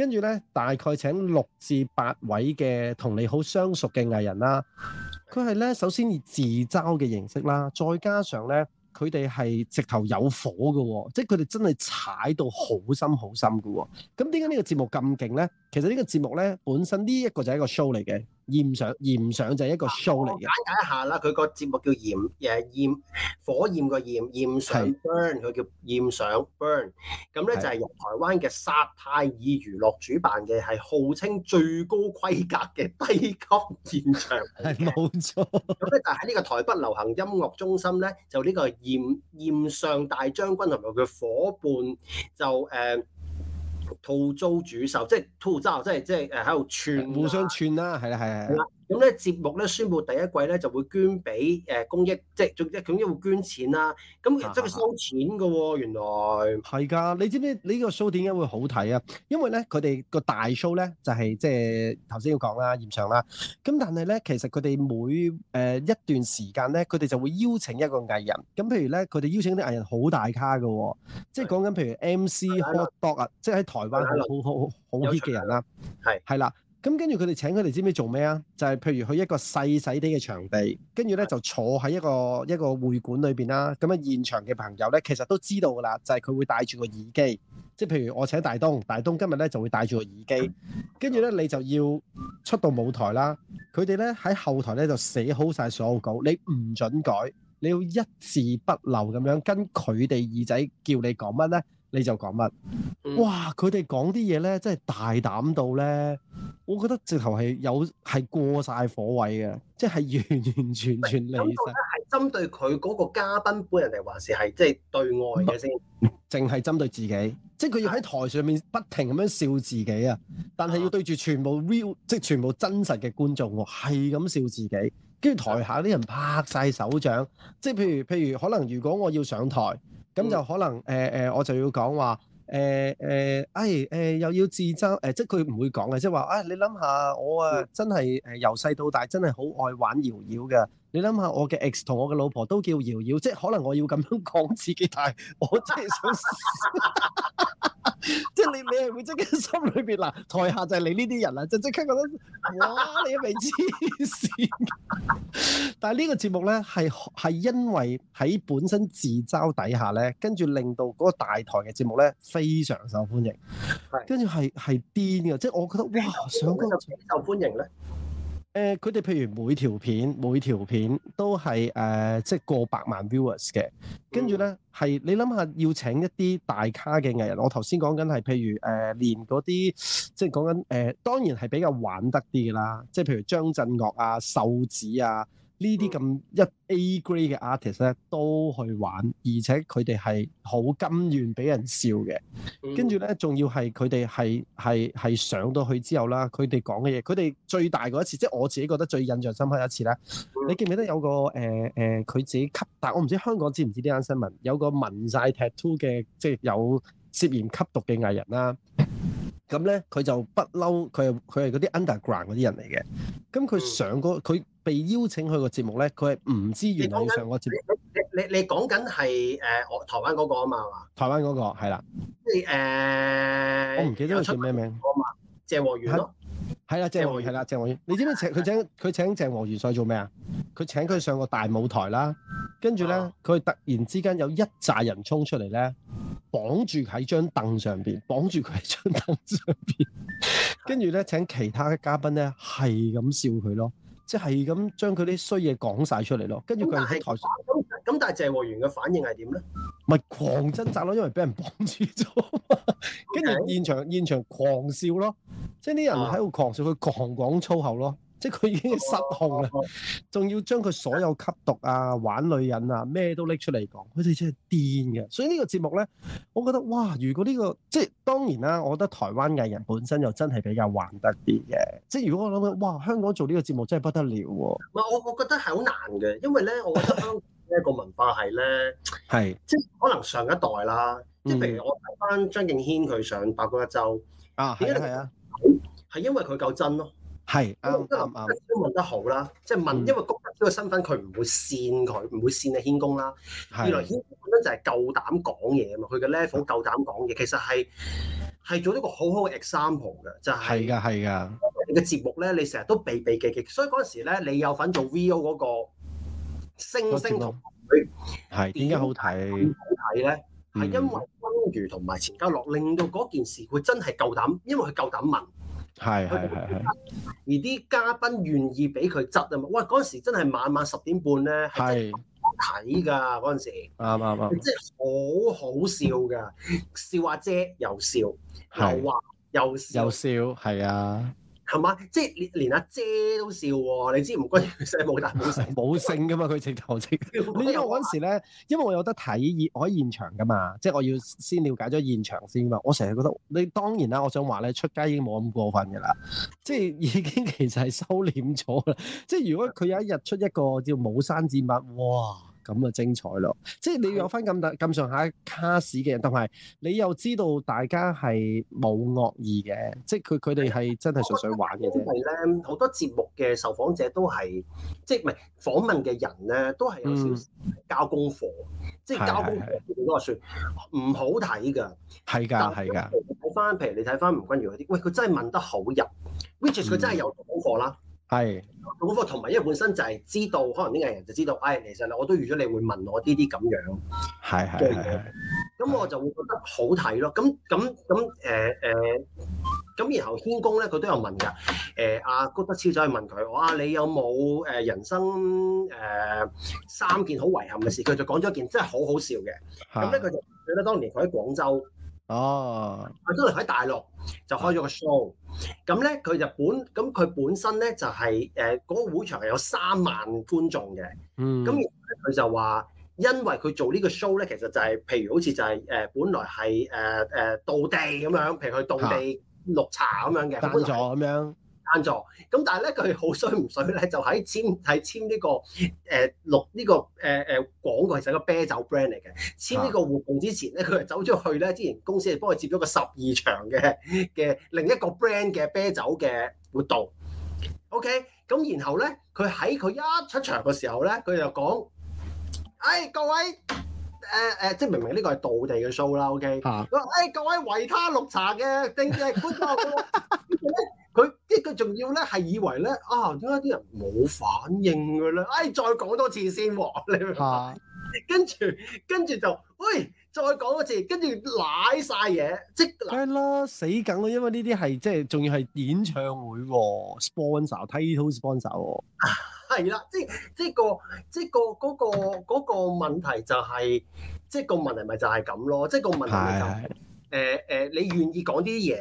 跟住咧，大概請六至八位嘅同你好相熟嘅藝人啦，佢係咧首先以自嘲嘅形式啦，再加上咧佢哋係直頭有火㗎喎，即係佢哋真係踩到好深好深㗎喎。咁點解呢個節目咁勁咧？其實這個節呢個節目咧，本身呢一個就係一個 show 嚟嘅，炎上炎上就係一個 show 嚟嘅。簡介，嗯、一下啦，佢個節目叫炎，誒炎火炎嘅炎，炎上 burn，佢是叫炎上 burn。咁咧是就係由台灣嘅薩泰爾娛樂主辦嘅，係號稱最高規格嘅低級現場。冇沒錯。咁咧，但喺呢個台北流行音樂中心咧，就呢個炎炎上大將軍同埋佢伙伴就誒。呃吐槽主售，即係吐槽，即係即係誒，喺、呃、度串互、啊、相串啦，係啦，係啊，係咁咧節目咧宣佈第一季咧就會捐俾誒、呃、公益，即係總之佢咁樣會捐錢啦、啊。咁即係收錢嘅喎、啊，原來係㗎。你知唔知呢個 show 點解會好睇啊？因為咧佢哋個大 show 咧就係、是、即係頭先要講啦，現場啦。咁但係咧，其實佢哋每誒、呃、一段時間咧，佢哋就會邀請一個藝人。咁譬如咧，佢哋邀請啲藝人好大咖嘅、啊，即係講緊譬如 MC Hotdog 啊，的即係喺台灣好好好 hit 嘅人啦、啊。係係啦。咁跟住佢哋請佢哋知唔知做咩啊？就係譬如去一個細細啲嘅場地，跟住呢就坐喺一個一個會館裏邊啦。咁啊現場嘅朋友呢，其實都知道噶啦，就係佢會戴住個耳機，即係譬如我請大東，大東今日呢就會戴住個耳機，跟住呢，你就要出到舞台啦。佢哋呢喺後台呢就寫好晒所有稿，你唔準改，你要一字不漏咁樣跟佢哋耳仔叫你講乜呢？你就講乜？哇、嗯！佢哋講啲嘢咧，真係大膽到咧，我覺得直頭係有係過晒火位嘅，即係完完全全離晒。咁呢個係針對佢嗰個嘉賓本人嚟還是係即係對外嘅先？淨係針對自己，的即係佢要喺台上面不停咁樣笑自己啊！但係要對住全部 real，的即係全部真實嘅觀眾喎，係咁笑自己，跟住台下啲人拍晒手掌。即係譬如譬如，可能如，如，如果我要上台。咁就可能誒誒、呃呃，我就要講話誒誒，哎、呃、又要自嘲，誒、呃，即係佢唔會講嘅，即係話，啊、哎、你諗下，我誒、啊、真係誒由細到大真係好愛玩搖搖嘅，你諗下我嘅 ex 同我嘅老婆都叫搖搖，即係可能我要咁樣講自己，但係我真係想。 即係你你係會即刻心裏邊嗱，台下就係你呢啲人啦，就即刻覺得哇你係咪痴線？ 但係呢個節目咧係係因為喺本身自嘲底下咧，跟住令到嗰個大台嘅節目咧非常受歡迎，係跟住係係癲嘅，即係我覺得哇上咁受歡迎咧。誒佢哋譬如每條片每條片都係誒、呃、即係過百萬 viewers 嘅，跟住咧係你諗下要請一啲大咖嘅藝人，我頭先講緊係譬如誒、呃、連嗰啲即係講緊誒當然係比較玩得啲嘅啦，即係譬如張震岳啊、瘦子啊。呢啲咁一 A grade 嘅 artist 咧，都去玩，而且佢哋係好甘願俾人笑嘅。跟住咧，仲要係佢哋係係係上到去之後啦，佢哋講嘅嘢，佢哋最大嗰一次，即係我自己覺得最印象深刻的一次咧。你記唔記得有個誒誒佢自己吸大，但我唔知香港知唔知呢單新聞？有個紋晒 tattoo 嘅，即係有涉嫌吸毒嘅藝人啦。咁咧，佢就不嬲，佢係佢係嗰啲 underground 嗰啲人嚟嘅。咁佢上過佢。係邀請佢個節目咧，佢係唔知原來要上個節目。你你你講緊係誒，我台灣嗰個啊嘛，台灣嗰個係啦。那個、你，係、呃、我唔記得佢叫咩名。我、呃、鄭和元咯，係、啊、啦，鄭和係啦，鄭和元。你知唔知請佢的請佢請,請鄭和元帥做咩啊？佢請佢上個大舞台啦，跟住咧，佢、啊、突然之間有一紮人衝出嚟咧，綁住喺張凳上邊，綁住佢喺張凳上邊， 跟住咧請其他嘅嘉賓咧係咁笑佢咯。即係咁將佢啲衰嘢講晒出嚟咯，跟住佢喺台上咁，但係鄭和源嘅反應係點咧？咪狂掙扎咯，因為俾人綁住咗，跟 住現場現場狂笑咯，即係啲人喺度狂笑，佢、啊、狂講粗口咯。即係佢已經失控啦，仲要將佢所有吸毒啊、玩女人啊、咩都拎出嚟講，好似真係癲嘅。所以這個節呢個節目咧，我覺得哇，如果呢、這個即係當然啦，我覺得台灣藝人本身又真係比較玩得啲嘅。即係如果我諗諗，哇，香港做呢個節目真係不得了喎、啊。我，我覺得係好難嘅，因為咧，我覺得香港呢一個文化係咧，係 即係可能上一代啦，是即係譬如我睇翻張敬軒佢上《八卦一周》啊，係啊，係、啊、因為佢夠真咯。係，阿都是、嗯、問得好啦，即係、嗯、問，因為谷德呢個身份佢唔會扇佢，唔會扇你軒公啦。原來軒公本身就係夠膽講嘢啊嘛，佢嘅 level 夠膽講嘢，其實係係做一個好好嘅 example 嘅，就係係㗎係㗎。你嘅節目咧，你成日都避避忌忌，所以嗰陣時咧，你有份做 VO 嗰個星星同佢係點解好睇？點好睇咧？係、嗯、因為君如同埋錢嘉樂令到嗰件事，佢真係夠膽，因為佢夠膽問。係係係，而啲嘉賓願意俾佢執啊嘛，哇！嗰陣時真係晚晚十點半咧，係睇㗎嗰陣時，啱啱啱，即係好好笑㗎，笑阿、啊、姐又笑，又話是又笑，又笑係啊！係嘛？即係連阿姐都笑喎，哦！你知唔？嗰陣時冇得，冇性冇為性㗎嘛？佢直頭直。因為我嗰陣時咧，因為我有得睇現，我喺現場㗎嘛，即係我要先了解咗現場先嘛。我成日覺得你當然啦，我想話咧，出街已經冇咁過分㗎啦，即係已經其實係收斂咗啦。即係如果佢有一日出一個叫冇山戰物，哇！咁啊精彩咯！即係你有翻咁大咁上下卡士嘅人，但係你又知道大家係冇惡意嘅，的即係佢佢哋係真係純粹玩嘅。即係咧好多節目嘅受訪者都係，即係唔係訪問嘅人咧都係有少少交功課，嗯、即係交功課點講話唔好睇㗎。係㗎的，係㗎。睇翻的譬如你睇翻吳君如嗰啲，喂，佢真係問得好入，which is 佢真係有功課啦。係，嗰個同埋，因為本身就係知道，可能呢個人就知道，唉、哎，其實我都預咗你會問我啲啲咁樣，係係係，咁我就會覺得好睇咯。咁咁咁誒誒，咁、呃呃、然後軒公咧佢都有問㗎，誒阿谷德超走去問佢，哇，你有冇誒人生誒、呃、三件好遺憾嘅事？佢就講咗一件真係好好笑嘅，咁咧佢就記得當年佢喺廣州。哦，佢都係喺大陸就開咗個 show，咁咧佢就本咁佢本身咧就係誒嗰個會場有三萬觀眾嘅，嗯，咁佢就話因為佢做呢個 show 咧，其實就係譬如好似就係誒本來係誒誒倒地咁樣，譬如佢倒、呃啊、地綠茶咁樣嘅，咁樣。贊助咁，但係咧佢好衰唔衰咧？就喺簽係簽呢個誒六呢個誒誒廣告，其實係個啤酒 brand 嚟嘅。簽呢個活動之前咧，佢係走咗去咧，之前公司係幫佢接咗個十二場嘅嘅另一個 brand 嘅啤酒嘅活動。OK，咁然後咧，佢喺佢一出場嘅時候咧，佢就講：，誒、哎、各位。誒誒、呃呃，即係明明呢個係道地嘅 show 啦，OK？啊！佢、哎、各位維他綠茶嘅定嘅觀眾，佢咧佢即係仲要咧係以為咧啊，點解啲人冇反應㗎咧？誒、哎，再講多次先喎，你明白、啊跟？跟住跟住就喂、哎，再講多次，跟住奶晒嘢，即係啦，死梗咯，因為呢啲係即係仲要係演唱會 sponsor title sponsor 喎。係啦，即係即係個即係個嗰、那個嗰、那個問題就係、是，即係個問題咪就係咁咯，即係個問題就誒誒、就是的呃呃，你願意講啲嘢，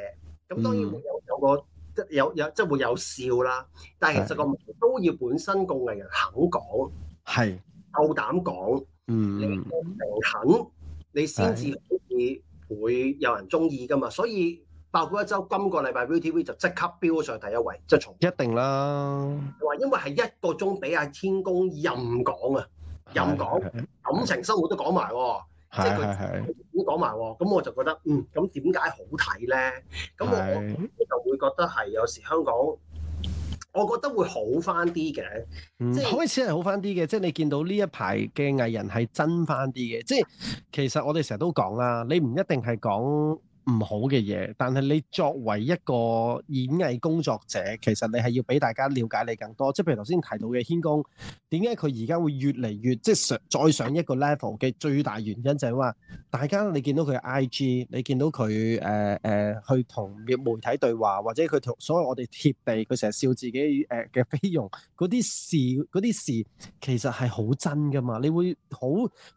咁當然會有、嗯、有個有有即係會有笑啦，但係其實個問題都要本身個藝人肯講，係的夠膽講，嗯嗯，你冇明肯，你先至會會有人中意㗎嘛，所以。包括一周，今個禮拜 ViuTV 就即刻飆上第一位，即係從一定啦。話因為係一個鐘俾阿天公任講啊，任講感情生活都講埋，的即係佢點講埋喎。咁的我就覺得嗯，咁點解好睇咧？咁的我就會覺得係有時香港，我覺得會好翻啲嘅。嗯，就是、開始係好翻啲嘅，即、就、係、是、你見到呢一排嘅藝人係真翻啲嘅。即、就、係、是、其實我哋成日都講啦，你唔一定係講。唔好嘅嘢，但係你作為一個演藝工作者，其實你係要俾大家了解你更多。即係譬如頭先提到嘅謙公，點解佢而家會越嚟越即係上再上一個 level 嘅最大原因就係、是、話大家你見到佢 IG，你見到佢誒誒去同媒體對話或者佢同所謂我哋貼地，佢成日笑自己誒嘅菲傭嗰啲事嗰啲事，事其實係好真㗎嘛？你會好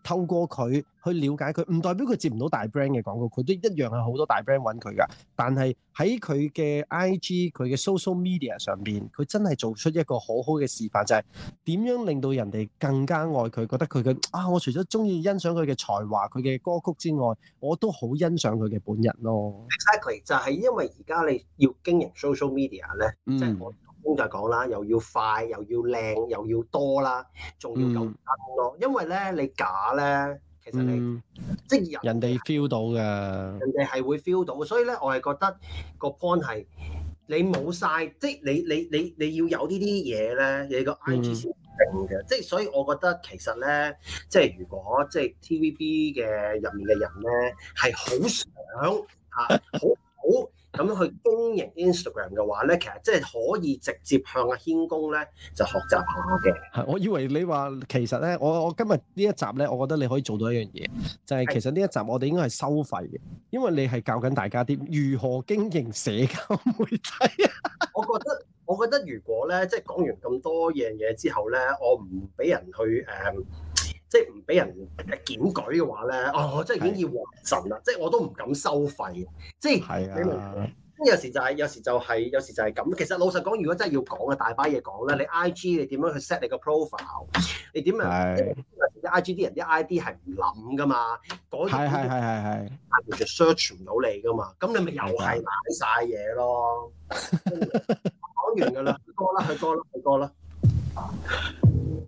透過佢。去了解佢，唔代表佢接唔到大 brand 嘅廣告，佢都一樣係好多大 brand 揾佢噶。但係喺佢嘅 IG、佢嘅 social media 上面，佢真係做出一個好好嘅示範，就係、是、點樣令到人哋更加愛佢，覺得佢嘅啊，我除咗中意欣賞佢嘅才華、佢嘅歌曲之外，我都好欣賞佢嘅本人咯。Exactly 就係因為而家你要經營 social media 咧，即係、嗯、我剛才講啦，又要快，又要靚，又要多啦，仲要夠真咯。嗯、因為咧，你假咧。其實你、嗯、即人，人哋 feel 到嘅，人哋係會 feel 到，所以咧，我係覺得個 point 係你冇晒，即你你你你要有呢啲嘢咧，你個 IG 先定嘅，嗯、即所以我覺得其實咧，即如果即 TVB 嘅入面嘅人咧，係好想嚇好。 咁樣去經營 Instagram 嘅話咧，其實即係可以直接向阿軒公咧就學習一下嘅。係，我以為你話其實咧，我我今日呢一集咧，我覺得你可以做到一樣嘢，就係、是、其實呢一集我哋應該係收費嘅，因為你係教緊大家啲如何經營社交媒體啊。 我覺得我覺得如果咧，即係講完咁多樣嘢之後咧，我唔俾人去誒。嗯即係唔俾人檢舉嘅話咧，哦，我真係已經要黃震啦！是的 即係我都唔敢收費，即係咁是的。有時就係、是，有時就係、是，有時就係咁。其實老實講，如果真係要講嘅大把嘢講咧，你 I G 你點樣去 set 你個 profile？你點樣？啲 I G 啲人啲 I D 係唔諗噶嘛？嗰啲根本就 search 唔到你噶嘛？咁你咪又係買晒嘢咯。講是的 完㗎啦， 去過啦，去過啦，去過啦。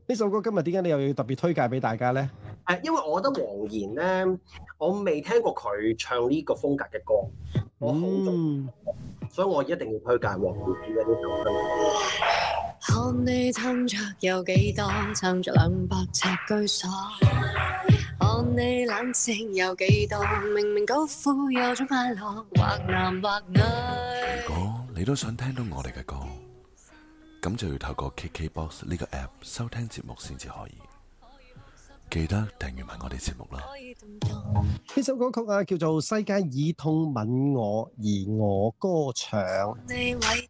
呢首歌今日點解你又要特別推介俾大家咧？誒，因為我覺得黃妍咧，我未聽過佢唱呢個風格嘅歌，我好嗯，所以我一定要推介黃妍嘅呢首歌。看、嗯、你撐着有幾多，撐着兩百尺居所；看你冷靜有幾多，明明高呼有種快樂，或男或女。如果你都想聽到我哋嘅歌。咁就要透過 KKBOX 呢個 app 收聽節目先至可以，記得訂閱埋我哋節目啦。呢首歌曲啊叫做《世界以痛吻我而我歌唱》，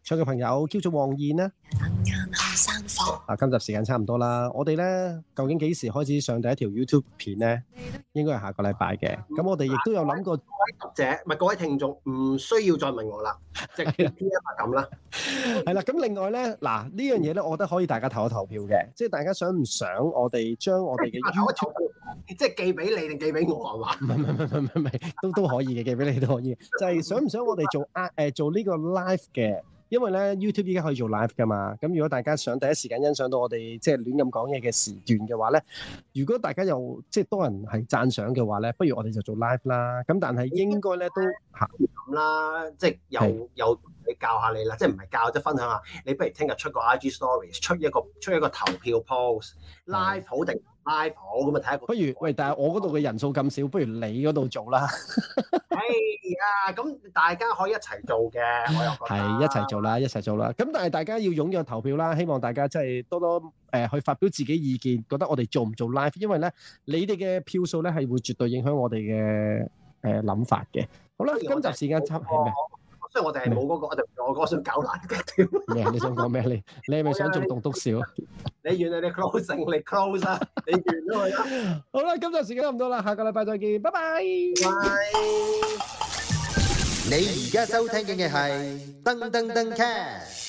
唱嘅朋友叫做黃妍呢生火。啊，今集時間差唔多啦，我哋咧究竟幾時開始上第一條 YouTube 片咧？應該係下個禮拜嘅。咁我哋亦都有諗過，各位讀者，唔係各位聽眾，唔需要再問我啦，即係今日就咁啦。係啦，咁另外咧，嗱呢樣嘢咧，我覺得可以大家投一投票嘅，即係大家想唔想我哋將我哋嘅 YouTube 即係寄俾你定寄俾我啊？唔係唔係唔係唔係唔係，都都可以嘅，寄俾你都可以。就係想唔想我哋做啊？誒，做呢個 Live 嘅？因為咧 YouTube 依家可以做 live 噶嘛，咁如果大家想第一時間欣賞到我哋即係亂咁講嘢嘅時段嘅話咧，如果大家又即係多人係讚賞嘅話咧，不如我哋就做 live 啦。咁但係應該咧、嗯、都行咁啦，嗯、即係有有。是你教下你啦，即係唔係教，即分享下。你不如聽日出個 I G Story，出一個出一個投票 post，live 好定、嗯、live 好咁啊？睇下不如喂，但係我嗰度嘅人數咁少，不如你嗰度做啦。係、 hey, 啊，咁大家可以一齊做嘅，我係一齊做啦，一齊做啦。咁但係大家要踴躍投票啦，希望大家真係多多誒、呃、去發表自己意見，覺得我哋做唔做 live，因為咧你哋嘅票數咧係會絕對影響我哋嘅誒諗法嘅。好啦，今集時間差係咩？過即係我哋係冇嗰個，就我嗰想搞爛嘅。咩？你想講咩？你你係咪想做棟篤笑啊？你原來你 close 成，你 close 啊。你原來啦，好啦，今集時間差唔多啦，下個禮拜再見，拜拜。拜。你而家收聽嘅係《噔噔噔 cash》。